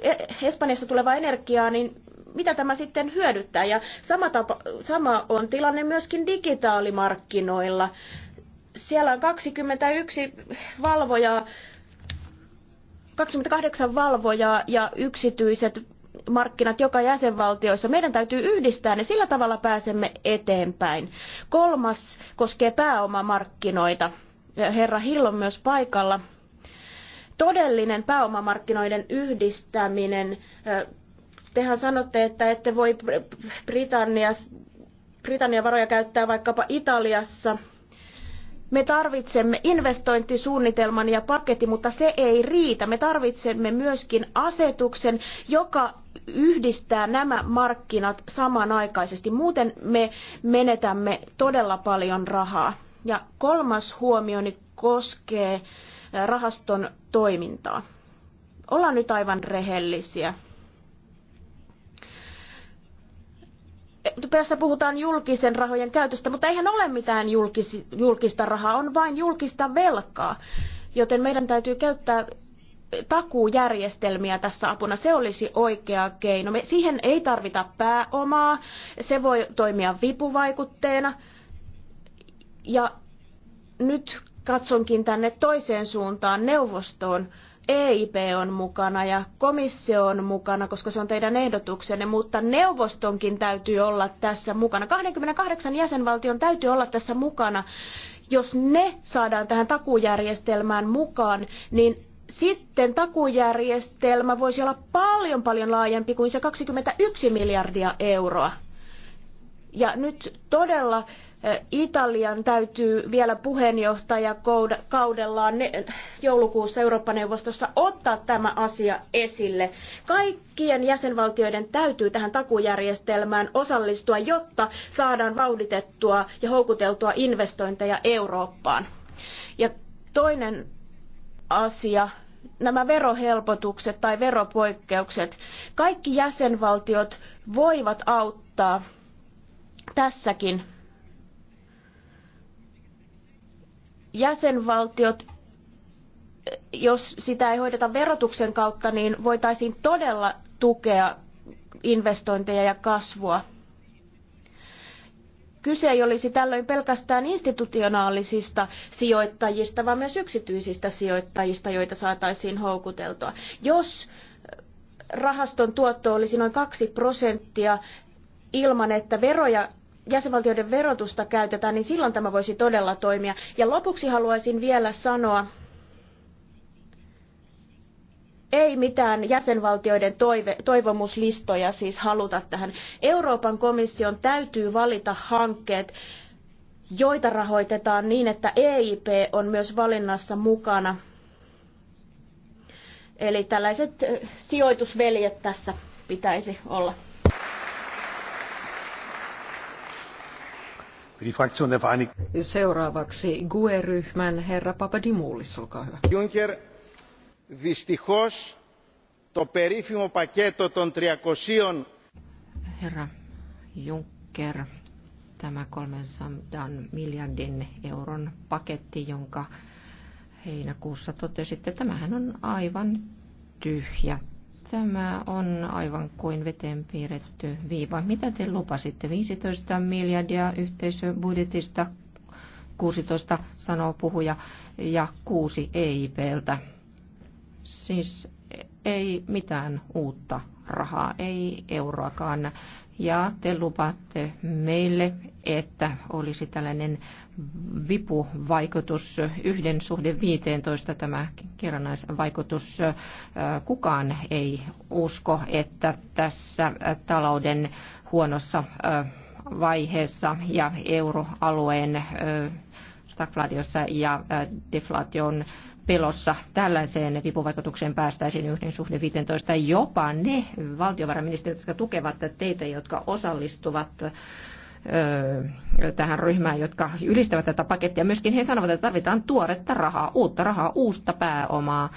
e- Espanjasta tulevaa energiaa, niin mitä tämä sitten hyödyttää. Ja sama, tapa, sama on tilanne myöskin digitaalimarkkinoilla. Siellä on 21 valvojaa, 28 valvojaa ja yksityiset markkinat joka jäsenvaltioissa. Meidän täytyy yhdistää ne, sillä tavalla pääsemme eteenpäin. Kolmas koskee pääomamarkkinoita. Herra Hill on myös paikalla. Todellinen pääomamarkkinoiden yhdistäminen Tehän sanotte, että ette voi Britannia Britannian varoja käyttää vaikkapa Italiassa. Me tarvitsemme investointisuunnitelman ja paketin, mutta se ei riitä. Me tarvitsemme myöskin asetuksen, joka yhdistää nämä markkinat samanaikaisesti. Muuten me menetämme todella paljon rahaa. Ja kolmas huomioni koskee eh, rahaston toimintaa. Ollaan nyt aivan rehellisiä. Tässä puhutaan julkisen rahojen käytöstä, mutta eihän ole mitään julkis, julkista rahaa, on vain julkista velkaa. Joten meidän täytyy käyttää takuujärjestelmiä tässä apuna, se olisi oikea keino. Me, siihen ei tarvita pääomaa, se voi toimia vipuvaikutteena. Ja nyt katsonkin tänne toiseen suuntaan neuvostoon. EIP on mukana ja komissio on mukana, koska se on teidän ehdotuksenne, mutta neuvostonkin täytyy olla tässä mukana. 28 jäsenvaltion täytyy olla tässä mukana. Jos ne saadaan tähän takujärjestelmään mukaan, niin sitten takujärjestelmä voisi olla paljon paljon laajempi kuin se 21 miljardia euroa. Ja nyt todella Italian täytyy vielä puheenjohtajakaudellaan joulukuussa Eurooppa-neuvostossa ottaa tämä asia esille. Kaikkien jäsenvaltioiden täytyy tähän takujärjestelmään osallistua, jotta saadaan vauhditettua ja houkuteltua investointeja Eurooppaan. Ja toinen asia, nämä verohelpotukset tai veropoikkeukset. Kaikki jäsenvaltiot voivat auttaa tässäkin jäsenvaltiot, jos sitä ei hoideta verotuksen kautta, niin voitaisiin todella tukea investointeja ja kasvua. Kyse ei olisi tällöin pelkästään institutionaalisista sijoittajista, vaan myös yksityisistä sijoittajista, joita saataisiin houkuteltua. Jos rahaston tuotto olisi noin kaksi prosenttia ilman, että veroja jäsenvaltioiden verotusta käytetään, niin silloin tämä voisi todella toimia. Ja lopuksi haluaisin vielä sanoa, ei mitään jäsenvaltioiden toive, toivomuslistoja siis haluta tähän. Euroopan komission täytyy valita hankkeet, joita rahoitetaan niin, että EIP on myös valinnassa mukana. Eli tällaiset eh, sijoitusveljet tässä pitäisi olla. Seuraavaksi GUE-ryhmän herra Papadimoulis, olkaa hyvä. Juncker, δυστυχώς το περίφημο πακέτο των 300... Herra Juncker, tämä 300 miljardin euron paketti, jonka heinäkuussa totesitte, tämähän on aivan tyhjä Tämä on aivan kuin veteen piirretty viiva. Mitä te lupasitte? 15 miljardia yhteisöbudjetista, 16 sanoo puhuja ja 6 EIPltä. Siis ei mitään uutta rahaa, ei euroakaan. Ja te lupaatte meille, että olisi tällainen vipuvaikutus yhden suhde 15, tämä kerrannaisvaikutus. Kukaan ei usko, että tässä talouden huonossa vaiheessa ja euroalueen stagflaatiossa ja deflaation pelossa tällaiseen vipuvaikutukseen päästäisiin yhden suhde 15. Jopa ne valtiovarainministerit, jotka tukevat teitä, jotka osallistuvat tähän ryhmään, jotka ylistävät tätä pakettia. Myöskin he sanovat, että tarvitaan tuoretta rahaa, uutta rahaa, uusta pääomaa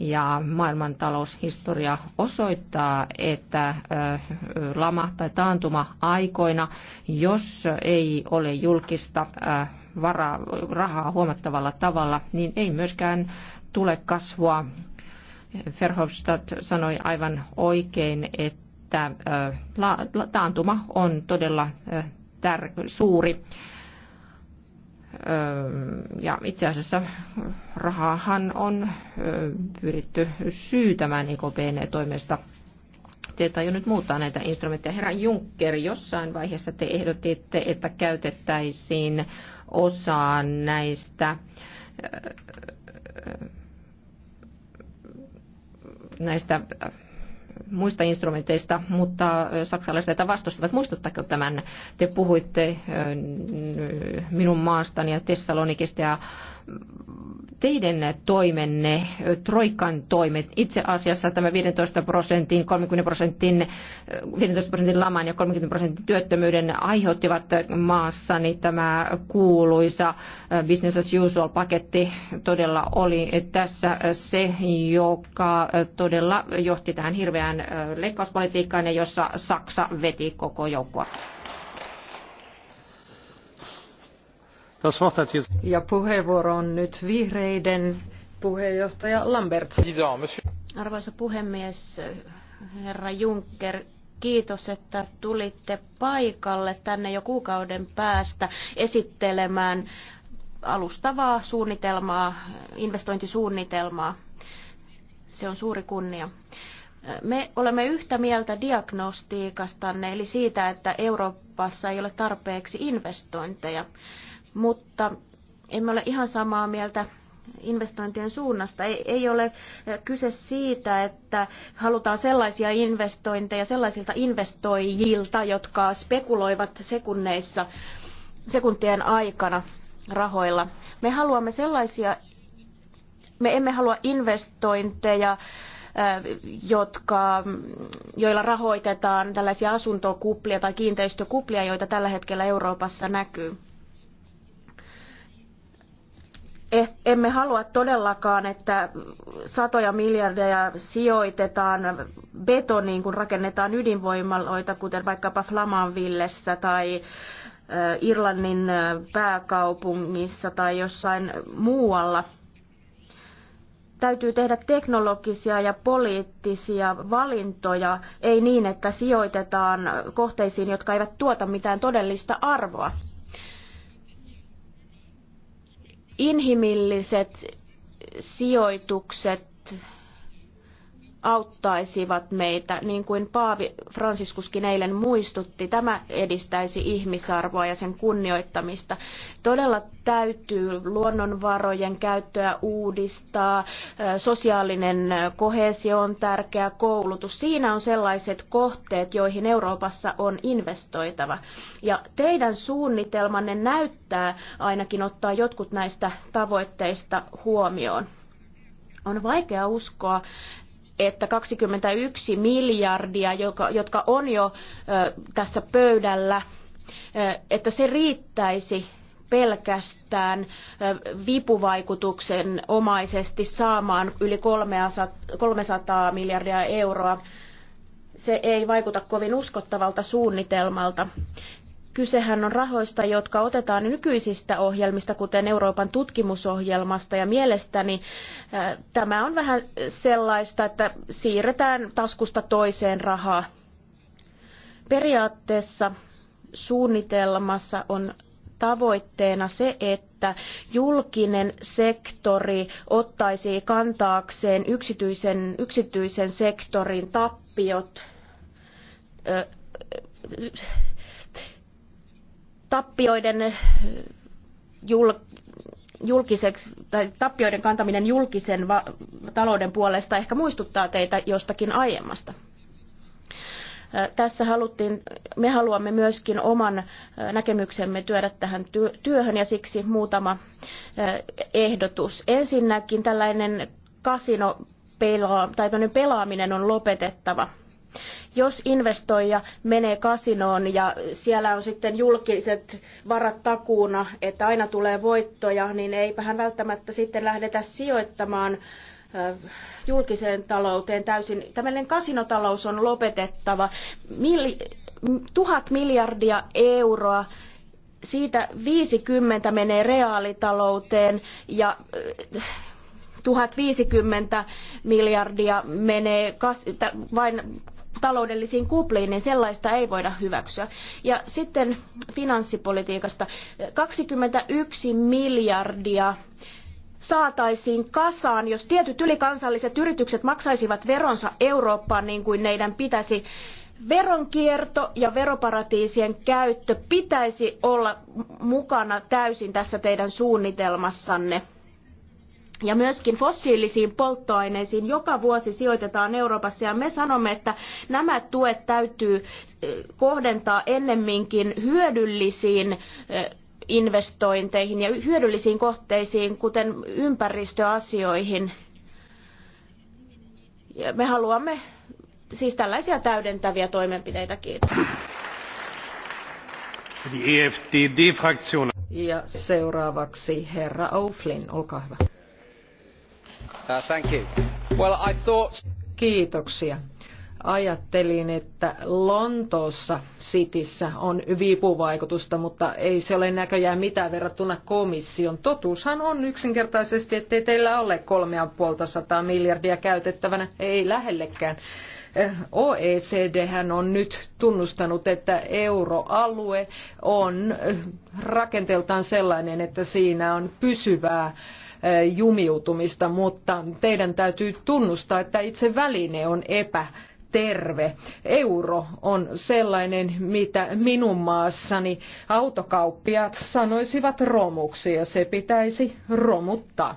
ja maailmantaloushistoria osoittaa, että lama- tai taantuma-aikoina, jos ei ole julkista varaa, rahaa huomattavalla tavalla, niin ei myöskään tule kasvua. Verhofstadt sanoi aivan oikein, että taantuma on todella suuri ja itse asiassa rahahan on pyritty syytämään EKPn toimesta tavoitteita jo nyt muuttaa näitä instrumentteja. Herra Juncker, jossain vaiheessa te ehdotitte, että käytettäisiin osaa näistä näistä muista instrumenteista, mutta saksalaiset tätä vastustavat. Muistuttako tämän? Te puhuitte minun maastani ja Tessalonikista ja teidän toimenne, Troikan toimet, itse asiassa tämä 15 prosentin, 30 prosentin, 15 prosentin laman ja 30 prosentin työttömyyden aiheuttivat maassani tämä kuuluisa business as usual paketti todella oli tässä se, joka todella johti tähän hirveään leikkauspolitiikkaan ja jossa Saksa veti koko joukkoa. Ja puheenvuoro on nyt vihreiden puheenjohtaja Lambert. Arvoisa puhemies, herra Juncker, kiitos, että tulitte paikalle tänne jo kuukauden päästä esittelemään alustavaa suunnitelmaa, investointisuunnitelmaa. Se on suuri kunnia. Me olemme yhtä mieltä diagnostiikastanne, eli siitä, että Euroopassa ei ole tarpeeksi investointeja mutta emme ole ihan samaa mieltä investointien suunnasta. Ei, ei ole kyse siitä, että halutaan sellaisia investointeja sellaisilta investoijilta, jotka spekuloivat sekunneissa, sekuntien aikana rahoilla. Me haluamme sellaisia, me emme halua investointeja, jotka, joilla rahoitetaan tällaisia asuntokuplia tai kiinteistökuplia, joita tällä hetkellä Euroopassa näkyy. Eh, emme halua todellakaan, että satoja miljardeja sijoitetaan betoniin, kun rakennetaan ydinvoimaloita, kuten vaikkapa Flamanvillessä tai eh, Irlannin eh, pääkaupungissa tai jossain muualla. Täytyy tehdä teknologisia ja poliittisia valintoja, ei niin, että sijoitetaan kohteisiin, jotka eivät tuota mitään todellista arvoa inhimilliset sijoitukset auttaisivat meitä, niin kuin Paavi Fransiskuskin eilen muistutti. Tämä edistäisi ihmisarvoa ja sen kunnioittamista. Todella täytyy luonnonvarojen käyttöä uudistaa, sosiaalinen kohesio on tärkeä, koulutus. Siinä on sellaiset kohteet, joihin Euroopassa on investoitava. Ja teidän suunnitelmanne näyttää ainakin ottaa jotkut näistä tavoitteista huomioon. On vaikea uskoa, että 21 miljardia, joka, jotka on jo tässä pöydällä, että se riittäisi pelkästään vipuvaikutuksen omaisesti saamaan yli 300 miljardia euroa. Se ei vaikuta kovin uskottavalta suunnitelmalta. Kysehän on rahoista, jotka otetaan nykyisistä ohjelmista, kuten Euroopan tutkimusohjelmasta, ja mielestäni tämä on vähän sellaista, että siirretään taskusta toiseen rahaa. Periaatteessa suunnitelmassa on tavoitteena se, että julkinen sektori ottaisi kantaakseen yksityisen, yksityisen sektorin tappiot. Ö, tappioiden eh, jul, julkiseksi, tai tappioiden kantaminen julkisen va, talouden puolesta ehkä muistuttaa teitä jostakin aiemmasta. Tässä haluttiin, me haluamme myöskin oman näkemyksemme työdä tähän työhön ja siksi muutama ehdotus. Ensinnäkin tällainen kasino tai pelaaminen on lopetettava – jos investoija menee kasinoon ja siellä on sitten julkiset varat takuuna, että aina tulee voittoja, niin eipä hän välttämättä sitten lähdetä sijoittamaan äh, julkiseen talouteen täysin. Tällainen kasinotalous on lopetettava. Mil, tuhat miljardia euroa siitä 50 menee reaalitalouteen ja 1050 äh, miljardia menee kas- vain taloudellisiin kupliin, niin sellaista ei voida hyväksyä. Ja sitten finanssipolitiikasta. 21 miljardia saataisiin kasaan, jos tietyt ylikansalliset yritykset maksaisivat veronsa Eurooppaan niin kuin neidän pitäisi. Veronkierto ja veroparatiisien käyttö pitäisi olla mukana täysin tässä teidän suunnitelmassanne ja myöskin fossiilisiin polttoaineisiin joka vuosi sijoitetaan Euroopassa ja me sanomme, että nämä tuet täytyy eh, kohdentaa ennemminkin hyödyllisiin eh, investointeihin ja hyödyllisiin kohteisiin, kuten ympäristöasioihin. Ja me haluamme siis tällaisia täydentäviä toimenpiteitä. Kiitos. E ja seuraavaksi herra O'Flynn, olkaa hyvä. Uh, Kiitoksia. Ajattelin, että Lontoossa Cityssä on vipuvaikutusta, mutta ei se ole näköjään mitään verrattuna komission. Totuushan on yksinkertaisesti, ettei teillä ole kolmea puolta sataa miljardia käytettävänä, ei lähellekään. Eh, OECD on nyt tunnustanut, että euroalue on eh, rakenteeltaan sellainen, että siinä on pysyvää jumiutumista, mutta teidän täytyy tunnustaa, että itse väline on epä terve. Euro on sellainen, mitä minun maassani autokauppiat sanoisivat romuksi ja se pitäisi romuttaa.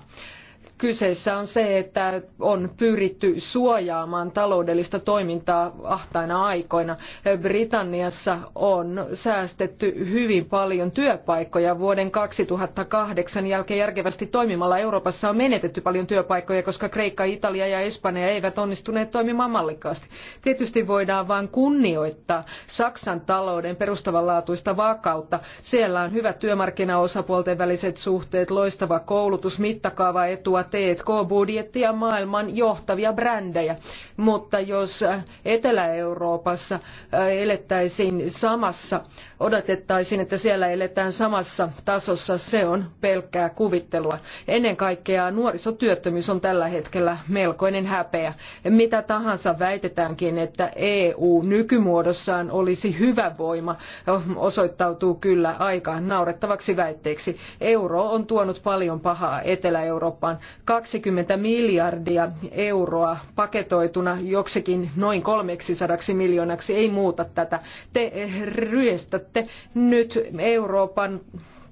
Kyseessä on se, että on pyritty suojaamaan taloudellista toimintaa ahtaina aikoina. Britanniassa on säästetty hyvin paljon työpaikkoja vuoden 2008 jälkeen järkevästi toimimalla. Euroopassa on menetetty paljon työpaikkoja, koska Kreikka, Italia ja Espanja eivät onnistuneet toimimaan mallikkaasti. Tietysti voidaan vain kunnioittaa Saksan talouden perustavanlaatuista vakautta. Siellä on hyvät työmarkkinaosapuolten väliset suhteet, loistava koulutus, mittakaava etua tk ja maailman johtavia brändejä. Mutta jos Etelä-Euroopassa äh, elettäisiin samassa, odotettaisiin, että siellä eletään samassa tasossa, se on pelkkää kuvittelua. Ennen kaikkea nuorisotyöttömyys on tällä hetkellä melkoinen häpeä. Mitä tahansa väitetäänkin, että EU nykymuodossaan olisi hyvä voima, oh, osoittautuu kyllä aika naurettavaksi väitteeksi. Euro on tuonut paljon pahaa Etelä-Eurooppaan. 20 miljardia euroa paketoituna joksikin noin 300 miljoonaksi ei muuta tätä. Te ryöstätte nyt Euroopan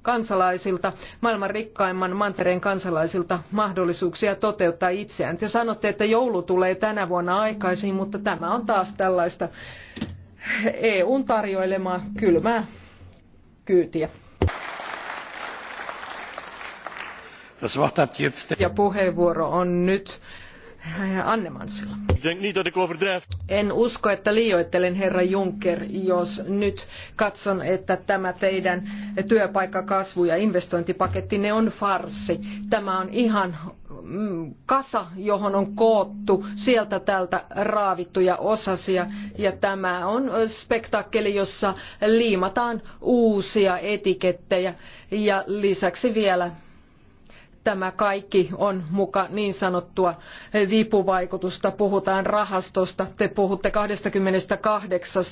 kansalaisilta, maailman rikkaimman mantereen kansalaisilta mahdollisuuksia toteuttaa itseään. Te sanotte, että joulu tulee tänä vuonna aikaisin, mutta tämä on taas tällaista EUn tarjoilemaa kylmää kyytiä. Ja puheenvuoro on nyt äh, Annemansilla. En usko, että liioittelen herra Juncker, jos nyt katson, että tämä teidän työpaikkakasvu- ja investointipakettinne on farsi. Tämä on ihan mm, kasa, johon on koottu sieltä täältä raavittuja osasia. Ja tämä on spektaakkeli, jossa liimataan uusia etikettejä ja lisäksi vielä tämä kaikki on muka niin sanottua vipuvaikutusta. Puhutaan rahastosta, te puhutte 28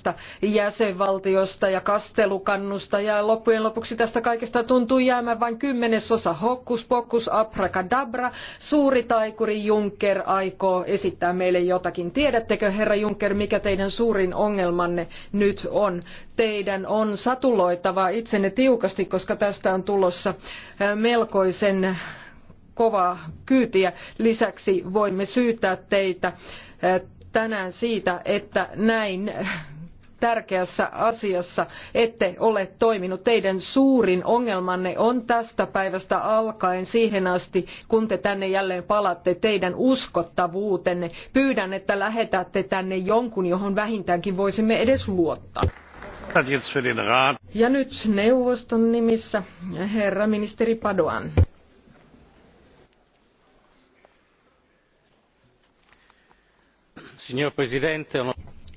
jäsenvaltiosta ja kastelukannusta ja loppujen lopuksi tästä kaikesta tuntuu jäämän vain kymmenesosa. Hokkus pokkus abrakadabra, suuri taikuri Juncker aikoo esittää meille jotakin. Tiedättekö herra Juncker, mikä teidän suurin ongelmanne nyt on? Teidän on satuloitava itsenne tiukasti, koska tästä on tulossa melkoisen kovaa kyytiä. Lisäksi voimme syyttää teitä eh, tänään siitä, että näin eh, tärkeässä asiassa ette ole toiminut. Teidän suurin ongelmanne on tästä päivästä alkaen siihen asti, kun te tänne jälleen palatte, teidän uskottavuutenne. Pyydän, että lähetätte tänne jonkun, johon vähintäänkin voisimme edes luottaa. Ja nyt neuvoston nimissä herra ministeri Padoan.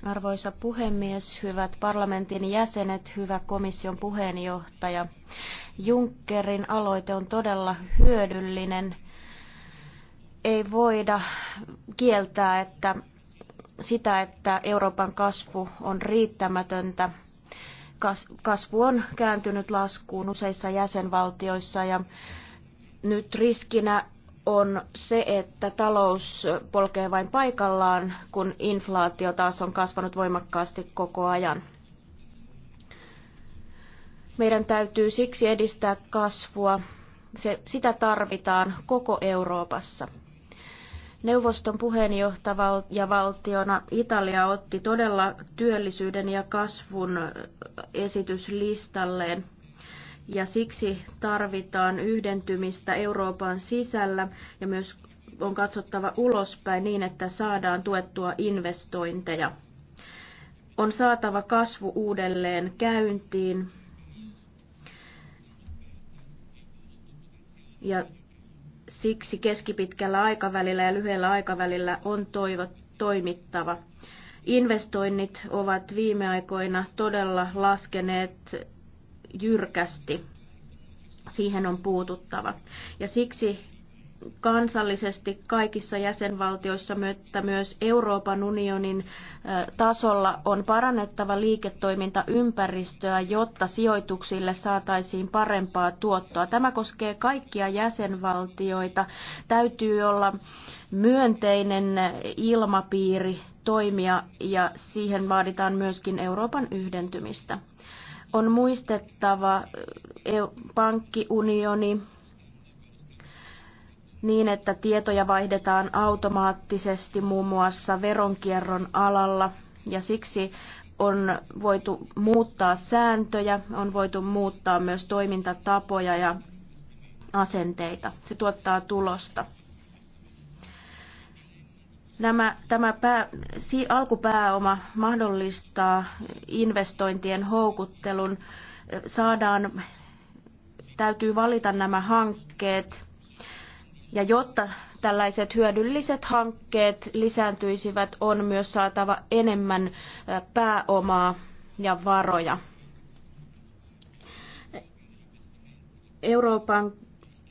Arvoisa puhemies, hyvät parlamentin jäsenet, hyvä komission puheenjohtaja. Junckerin aloite on todella hyödyllinen. Ei voida kieltää että sitä, että Euroopan kasvu on riittämätöntä. Kasvu on kääntynyt laskuun useissa jäsenvaltioissa ja nyt riskinä on se, että talous polkee vain paikallaan, kun inflaatio taas on kasvanut voimakkaasti koko ajan. Meidän täytyy siksi edistää kasvua. Se, sitä tarvitaan koko Euroopassa. Neuvoston puheenjohtava valtiona Italia otti todella työllisyyden ja kasvun esityslistalleen – ja siksi tarvitaan yhdentymistä Euroopan sisällä ja myös on katsottava ulospäin niin, että saadaan tuettua investointeja. On saatava kasvu uudelleen käyntiin ja siksi keskipitkällä aikavälillä ja lyhyellä aikavälillä on toivot, toimittava. Investoinnit ovat viime aikoina todella laskeneet jyrkästi. Siihen on puututtava. Ja siksi kansallisesti kaikissa jäsenvaltioissa, mutta myös Euroopan unionin tasolla on parannettava liiketoimintaympäristöä, jotta sijoituksille saataisiin parempaa tuottoa. Tämä koskee kaikkia jäsenvaltioita. Täytyy olla myönteinen ilmapiiri toimia ja siihen vaaditaan myöskin Euroopan yhdentymistä on muistettava eh, pankkiunioni niin, että tietoja vaihdetaan automaattisesti muun muassa veronkierron alalla ja siksi on voitu muuttaa sääntöjä, on voitu muuttaa myös toimintatapoja ja asenteita. Se tuottaa tulosta. Nämä, tämä pää, si, alkupääoma mahdollistaa investointien houkuttelun. Saadaan, täytyy valita nämä hankkeet. Ja jotta tällaiset hyödylliset hankkeet lisääntyisivät, on myös saatava enemmän pääomaa ja varoja. Euroopan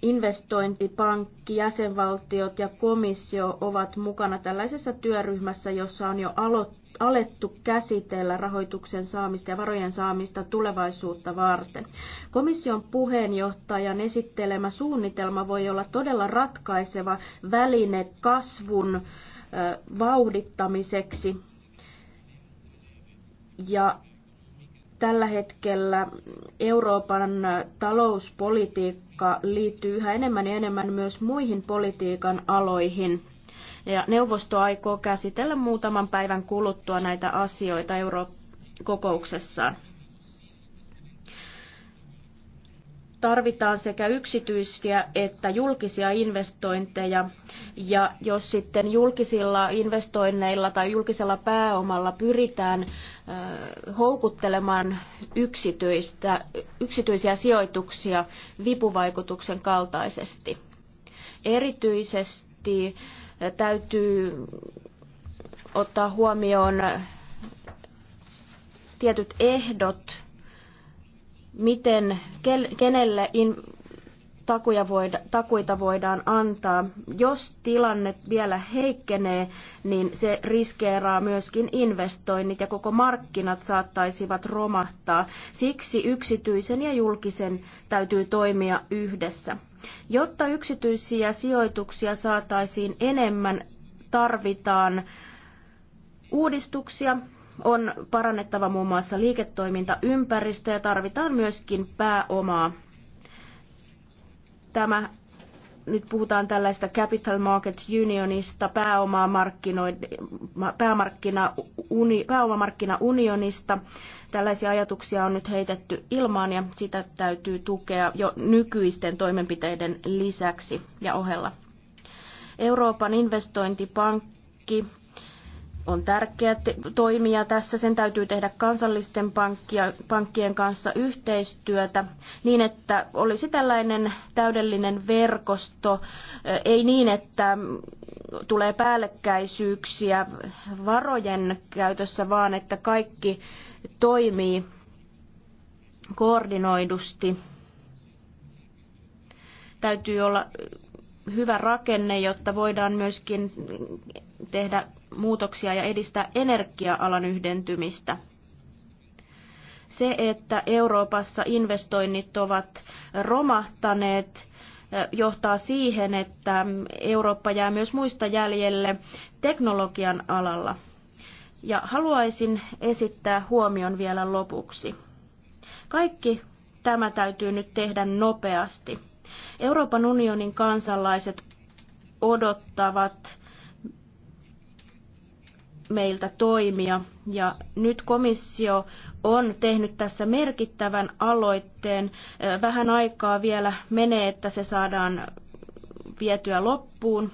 investointipankki, jäsenvaltiot ja komissio ovat mukana tällaisessa työryhmässä, jossa on jo alettu käsitellä rahoituksen saamista ja varojen saamista tulevaisuutta varten. Komission puheenjohtajan esittelemä suunnitelma voi olla todella ratkaiseva väline kasvun vauhdittamiseksi ja tällä hetkellä Euroopan talouspolitiikka joka liittyy yhä enemmän ja enemmän myös muihin politiikan aloihin. Ja neuvosto aikoo käsitellä muutaman päivän kuluttua näitä asioita Euroopan kokouksessaan tarvitaan sekä yksityisiä että julkisia investointeja. Ja jos sitten julkisilla investoinneilla tai julkisella pääomalla pyritään houkuttelemaan yksityistä, yksityisiä sijoituksia vipuvaikutuksen kaltaisesti. Erityisesti täytyy ottaa huomioon tietyt ehdot miten, kenelle in, takuja voida, takuita voidaan antaa. Jos tilanne vielä heikkenee, niin se riskeeraa myöskin investoinnit ja koko markkinat saattaisivat romahtaa. Siksi yksityisen ja julkisen täytyy toimia yhdessä. Jotta yksityisiä sijoituksia saataisiin enemmän, tarvitaan uudistuksia on parannettava muun muassa liiketoimintaympäristöä ja tarvitaan myöskin pääomaa. Tämä nyt puhutaan tällaista Capital Market Unionista, pääomamarkkina, uni, pääomamarkkinaunionista. Tällaisia ajatuksia on nyt heitetty ilmaan ja sitä täytyy tukea jo nykyisten toimenpiteiden lisäksi ja ohella. Euroopan investointipankki on tärkeä toimija tässä. Sen täytyy tehdä kansallisten pankkia, pankkien kanssa yhteistyötä niin, että olisi tällainen täydellinen verkosto, ei niin, että tulee päällekkäisyyksiä varojen käytössä, vaan että kaikki toimii koordinoidusti. Täytyy olla hyvä rakenne, jotta voidaan myöskin tehdä muutoksia ja edistää energia-alan yhdentymistä. Se, että Euroopassa investoinnit ovat romahtaneet, johtaa siihen, että Eurooppa jää myös muista jäljelle teknologian alalla. Ja haluaisin esittää huomion vielä lopuksi. Kaikki tämä täytyy nyt tehdä nopeasti. Euroopan unionin kansalaiset odottavat meiltä toimia. Ja nyt komissio on tehnyt tässä merkittävän aloitteen. Vähän aikaa vielä menee, että se saadaan vietyä loppuun.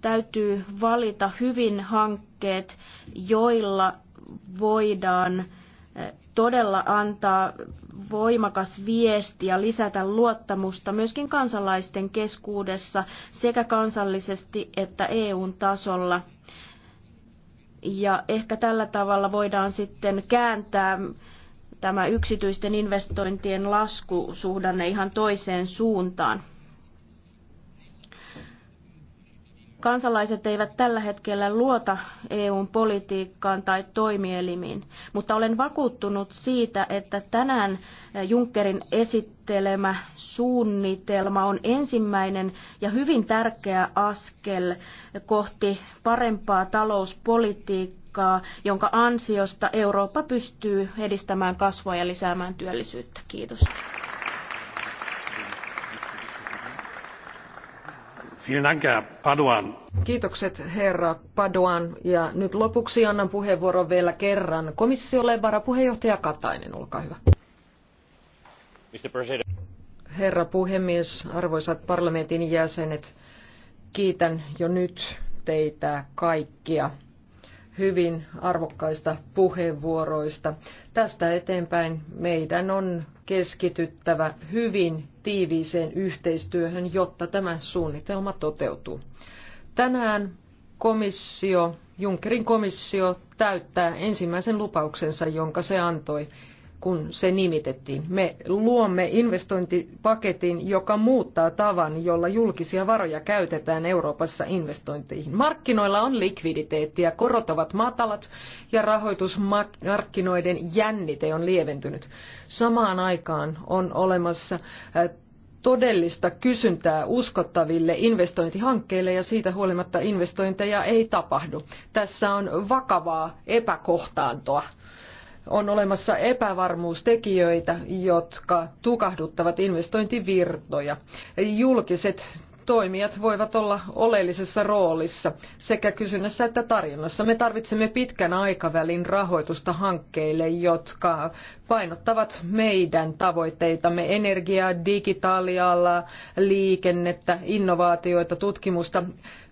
Täytyy valita hyvin hankkeet, joilla voidaan todella antaa voimakas viesti ja lisätä luottamusta myöskin kansalaisten keskuudessa sekä kansallisesti että EUn tasolla. Ja ehkä tällä tavalla voidaan sitten kääntää tämä yksityisten investointien laskusuhdanne ihan toiseen suuntaan. Kansalaiset eivät tällä hetkellä luota EUn politiikkaan tai toimielimiin, mutta olen vakuuttunut siitä, että tänään eh, Junckerin esittelemä suunnitelma on ensimmäinen ja hyvin tärkeä askel kohti parempaa talouspolitiikkaa, jonka ansiosta Eurooppa pystyy edistämään kasvua ja lisäämään työllisyyttä. Kiitos. Kiitokset herra Paduan Ja nyt lopuksi annan puheenvuoron vielä kerran komissiolle varapuheenjohtaja Katainen, olkaa hyvä. Herra puhemies, arvoisat parlamentin jäsenet, kiitän jo nyt teitä kaikkia hyvin arvokkaista puheenvuoroista. Tästä eteenpäin meidän on keskityttävä hyvin tiiviiseen yhteistyöhön, jotta tämä suunnitelma toteutuu. Tänään komissio, Junckerin komissio täyttää ensimmäisen lupauksensa, jonka se antoi kun se nimitettiin. Me luomme investointipaketin, joka muuttaa tavan, jolla julkisia varoja käytetään Euroopassa investointeihin. Markkinoilla on likviditeettiä, korot ovat matalat ja rahoitusmarkkinoiden jännite on lieventynyt. Samaan aikaan on olemassa äh, todellista kysyntää uskottaville investointihankkeille ja siitä huolimatta investointeja ei tapahdu. Tässä on vakavaa epäkohtaantoa on olemassa epävarmuustekijöitä, jotka tukahduttavat investointivirtoja. Julkiset toimijat voivat olla oleellisessa roolissa sekä kysynnässä että tarjonnassa. Me tarvitsemme pitkän aikavälin rahoitusta hankkeille, jotka painottavat meidän tavoitteitamme energiaa, digitaalia, liikennettä, innovaatioita, tutkimusta.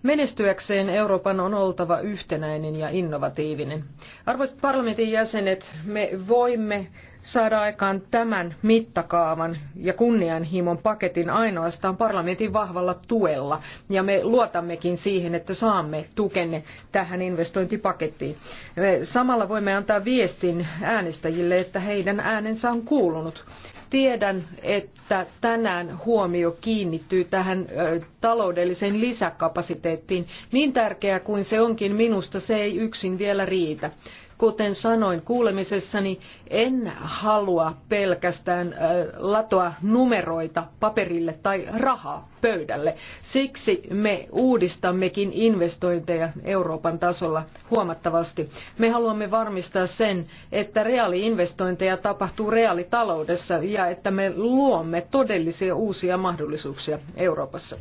Menestyäkseen Euroopan on oltava yhtenäinen ja innovatiivinen. Arvoisat parlamentin jäsenet, me voimme saada aikaan tämän mittakaavan ja kunnianhimon paketin ainoastaan parlamentin vahvalla tuella. Ja me luotammekin siihen, että saamme tukenne tähän investointipakettiin. Me samalla voimme antaa viestin äänestäjille, että heidän äänensä on kuulunut. Tiedän, että tänään huomio kiinnittyy tähän taloudelliseen lisäkapasiteettiin. Niin tärkeää kuin se onkin, minusta se ei yksin vielä riitä. Kuten sanoin kuulemisessani, en halua pelkästään latoa numeroita paperille tai rahaa pöydälle. Siksi me uudistammekin investointeja Euroopan tasolla huomattavasti. Me haluamme varmistaa sen, että reaaliinvestointeja tapahtuu reaalitaloudessa ja että me luomme todellisia uusia mahdollisuuksia Euroopassa.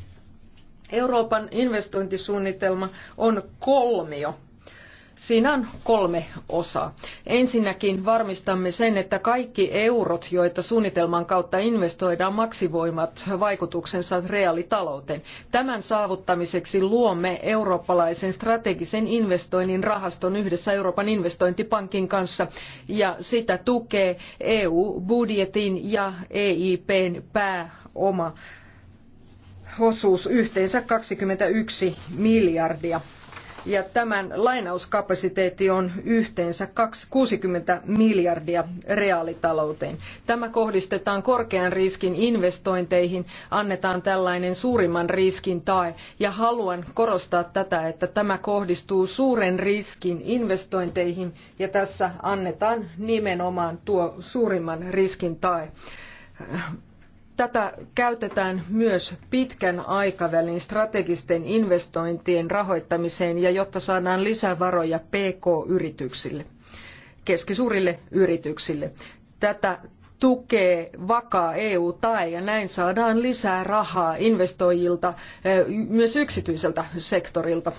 Euroopan investointisuunnitelma on kolmio Siinä on kolme osaa. Ensinnäkin varmistamme sen, että kaikki eurot, joita suunnitelman kautta investoidaan, maksivoimat vaikutuksensa reaalitalouteen. Tämän saavuttamiseksi luomme eurooppalaisen strategisen investoinnin rahaston yhdessä Euroopan investointipankin kanssa ja sitä tukee EU-budjetin ja EIPn pääoma osuus yhteensä 21 miljardia ja tämän lainauskapasiteetti on yhteensä 60 miljardia reaalitalouteen. Tämä kohdistetaan korkean riskin investointeihin, annetaan tällainen suurimman riskin tae ja haluan korostaa tätä, että tämä kohdistuu suuren riskin investointeihin ja tässä annetaan nimenomaan tuo suurimman riskin tae Tätä käytetään myös pitkän aikavälin strategisten investointien rahoittamiseen ja jotta saadaan lisävaroja PK-yrityksille, keskisuurille yrityksille. Tätä tukee vakaa EU-tae ja näin saadaan lisää rahaa investoijilta, eh, myös yksityiseltä sektorilta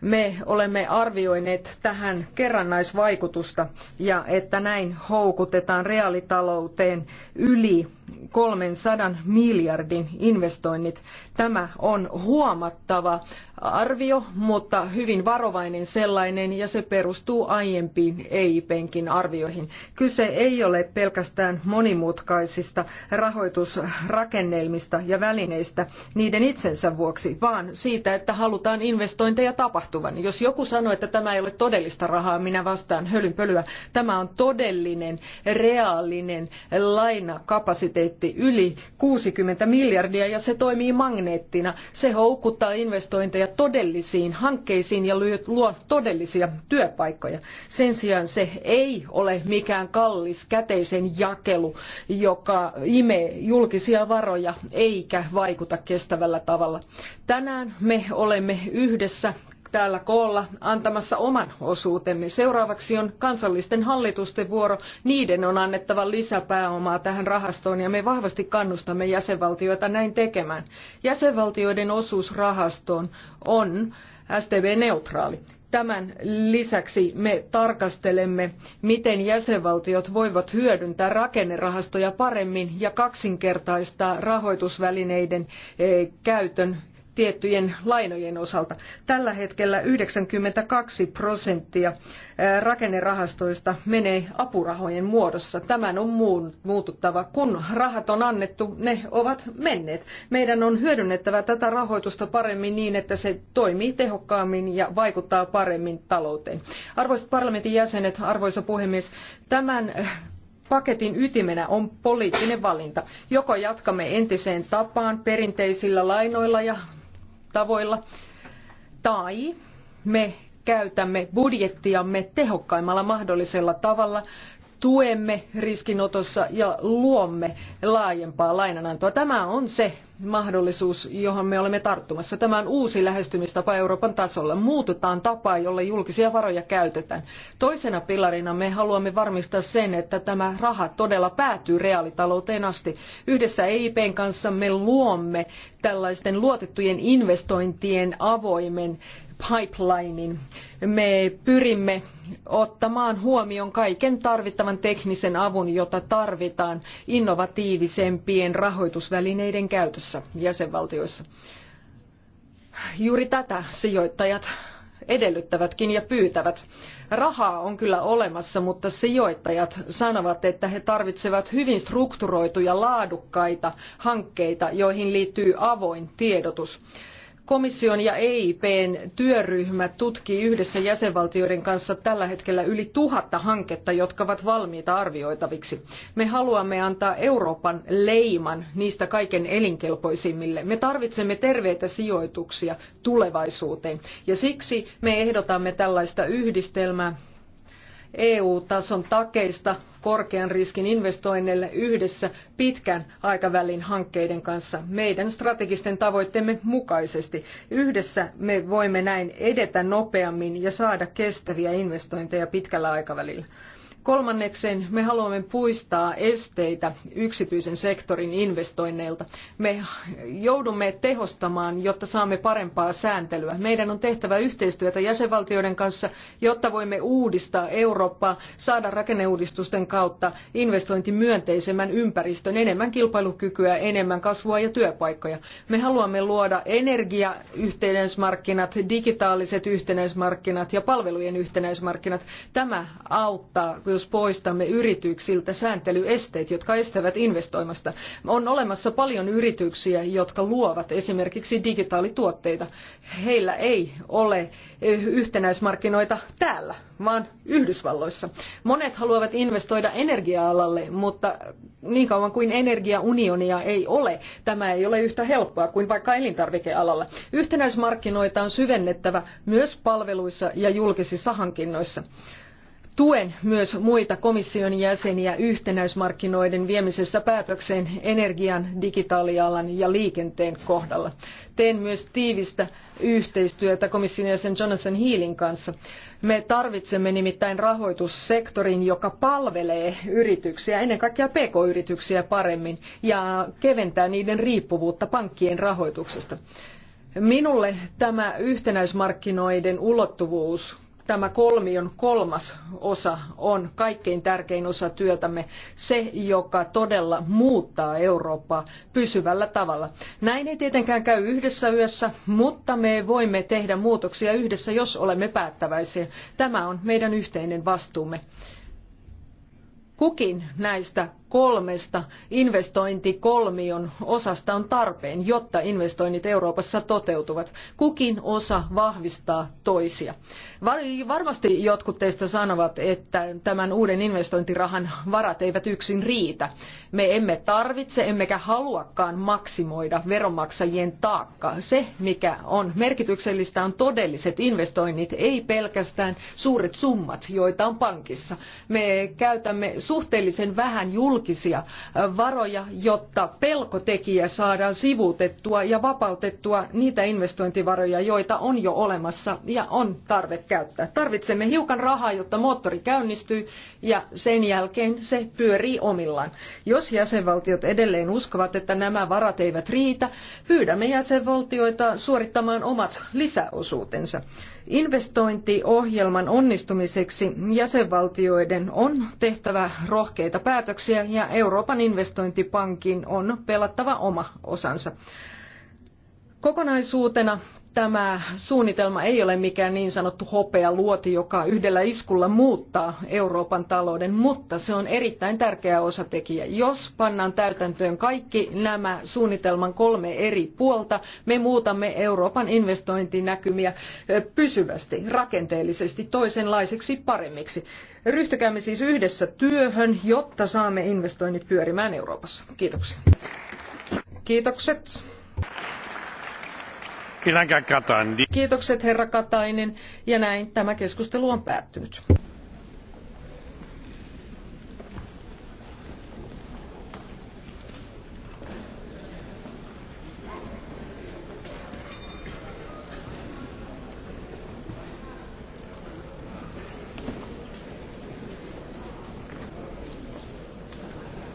me olemme arvioineet tähän kerrannaisvaikutusta ja että näin houkutetaan reaalitalouteen yli 300 miljardin investoinnit. Tämä on huomattava arvio, mutta hyvin varovainen sellainen ja se perustuu aiempiin EIPenkin arvioihin. Kyse ei ole pelkästään monimutkaisista rahoitusrakennelmista ja välineistä niiden itsensä vuoksi, vaan siitä, että halutaan investointeja tapahtuvan. Jos joku sanoo, että tämä ei ole todellista rahaa, minä vastaan hölynpölyä. Tämä on todellinen, reaalinen lainakapasiteetti kapasiteetti yli 60 miljardia ja se toimii magneettina. Se houkuttaa investointeja todellisiin hankkeisiin ja luo todellisia työpaikkoja. Sen sijaan se ei ole mikään kallis käteisen jakelu, joka imee julkisia varoja eikä vaikuta kestävällä tavalla. Tänään me olemme yhdessä täällä koolla antamassa oman osuutemme. Seuraavaksi on kansallisten hallitusten vuoro. Niiden on annettava lisäpääomaa tähän rahastoon ja me vahvasti kannustamme jäsenvaltioita näin tekemään. Jäsenvaltioiden osuus rahastoon on STV-neutraali. Tämän lisäksi me tarkastelemme, miten jäsenvaltiot voivat hyödyntää rakennerahastoja paremmin ja kaksinkertaistaa rahoitusvälineiden eh, käytön tiettyjen lainojen osalta. Tällä hetkellä 92 prosenttia rakennerahastoista menee apurahojen muodossa. Tämän on muututtava. Kun rahat on annettu, ne ovat menneet. Meidän on hyödynnettävä tätä rahoitusta paremmin niin, että se toimii tehokkaammin ja vaikuttaa paremmin talouteen. Arvoisat parlamentin jäsenet, arvoisa puhemies, tämän äh, paketin ytimenä on poliittinen valinta. Joko jatkamme entiseen tapaan perinteisillä lainoilla ja tavoilla. Tai me käytämme budjettiamme tehokkaimmalla mahdollisella tavalla tuemme riskinotossa ja luomme laajempaa lainanantoa. Tämä on se mahdollisuus, johon me olemme tarttumassa. Tämä on uusi lähestymistapa Euroopan tasolla. Muutetaan tapaa, jolla julkisia varoja käytetään. Toisena pilarina me haluamme varmistaa sen, että tämä raha todella päätyy reaalitalouteen asti. Yhdessä EIPn kanssa me luomme tällaisten luotettujen investointien avoimen pipelinein. Me pyrimme ottamaan huomioon kaiken tarvittavan teknisen avun, jota tarvitaan innovatiivisempien rahoitusvälineiden käytössä jäsenvaltioissa. Juuri tätä sijoittajat edellyttävätkin ja pyytävät. Rahaa on kyllä olemassa, mutta sijoittajat sanovat, että he tarvitsevat hyvin strukturoituja, laadukkaita hankkeita, joihin liittyy avoin tiedotus. Komission ja EIPn työryhmä tutkii yhdessä jäsenvaltioiden kanssa tällä hetkellä yli tuhatta hanketta, jotka ovat valmiita arvioitaviksi. Me haluamme antaa Euroopan leiman niistä kaiken elinkelpoisimmille. Me tarvitsemme terveitä sijoituksia tulevaisuuteen ja siksi me ehdotamme tällaista yhdistelmää EU-tason takeista korkean riskin investoinneille yhdessä pitkän aikavälin hankkeiden kanssa meidän strategisten tavoitteemme mukaisesti. Yhdessä me voimme näin edetä nopeammin ja saada kestäviä investointeja pitkällä aikavälillä. Kolmannekseen me haluamme puistaa esteitä yksityisen sektorin investoinneilta. Me joudumme tehostamaan, jotta saamme parempaa sääntelyä. Meidän on tehtävä yhteistyötä jäsenvaltioiden kanssa, jotta voimme uudistaa Eurooppaa, saada rakenneuudistusten kautta investointimyönteisemmän ympäristön, enemmän kilpailukykyä, enemmän kasvua ja työpaikkoja. Me haluamme luoda energiayhtenäismarkkinat, digitaaliset yhtenäismarkkinat ja palvelujen yhtenäismarkkinat. Tämä auttaa jos poistamme yrityksiltä sääntelyesteet, jotka estävät investoimasta. On olemassa paljon yrityksiä, jotka luovat esimerkiksi digitaalituotteita. Heillä ei ole eh, yhtenäismarkkinoita täällä, vaan Yhdysvalloissa. Monet haluavat investoida energia-alalle, mutta niin kauan kuin energiaunionia ei ole, tämä ei ole yhtä helppoa kuin vaikka elintarvikealalla. Yhtenäismarkkinoita on syvennettävä myös palveluissa ja julkisissa hankinnoissa. Tuen myös muita komission jäseniä yhtenäismarkkinoiden viemisessä päätökseen energian, digitaalialan ja liikenteen kohdalla. Teen myös tiivistä yhteistyötä komission jäsen Jonathan Healin kanssa. Me tarvitsemme nimittäin rahoitussektorin, joka palvelee yrityksiä, ennen kaikkea pk-yrityksiä paremmin ja keventää niiden riippuvuutta pankkien rahoituksesta. Minulle tämä yhtenäismarkkinoiden ulottuvuus Tämä kolmion kolmas osa on kaikkein tärkein osa työtämme, se joka todella muuttaa Eurooppaa pysyvällä tavalla. Näin ei tietenkään käy yhdessä yössä, mutta me voimme tehdä muutoksia yhdessä, jos olemme päättäväisiä. Tämä on meidän yhteinen vastuumme. Kukin näistä kolmesta investointikolmion osasta on tarpeen, jotta investoinnit Euroopassa toteutuvat. Kukin osa vahvistaa toisia. Varmasti jotkut teistä sanovat, että tämän uuden investointirahan varat eivät yksin riitä. Me emme tarvitse emmekä haluakaan maksimoida veronmaksajien taakkaa. Se, mikä on merkityksellistä, on todelliset investoinnit, ei pelkästään suuret summat, joita on pankissa. Me käytämme suhteellisen vähän julkista julkisia varoja, jotta pelkotekijä saadaan sivuutettua ja vapautettua niitä investointivaroja, joita on jo olemassa ja on tarve käyttää. Tarvitsemme hiukan rahaa, jotta moottori käynnistyy ja sen jälkeen se pyörii omillaan. Jos jäsenvaltiot edelleen uskovat, että nämä varat eivät riitä, pyydämme jäsenvaltioita suorittamaan omat lisäosuutensa. Investointiohjelman onnistumiseksi jäsenvaltioiden on tehtävä rohkeita päätöksiä ja Euroopan investointipankin on pelattava oma osansa. Kokonaisuutena Tämä suunnitelma ei ole mikään niin sanottu hopea luoti, joka yhdellä iskulla muuttaa Euroopan talouden, mutta se on erittäin tärkeä osatekijä. Jos pannaan täytäntöön kaikki nämä suunnitelman kolme eri puolta, me muutamme Euroopan investointinäkymiä pysyvästi, rakenteellisesti toisenlaiseksi paremmiksi. Ryhtykäämme siis yhdessä työhön, jotta saamme investoinnit pyörimään Euroopassa. Kiitoksia. Kiitokset. Kiitokset herra Katainen ja näin tämä keskustelu on päättynyt.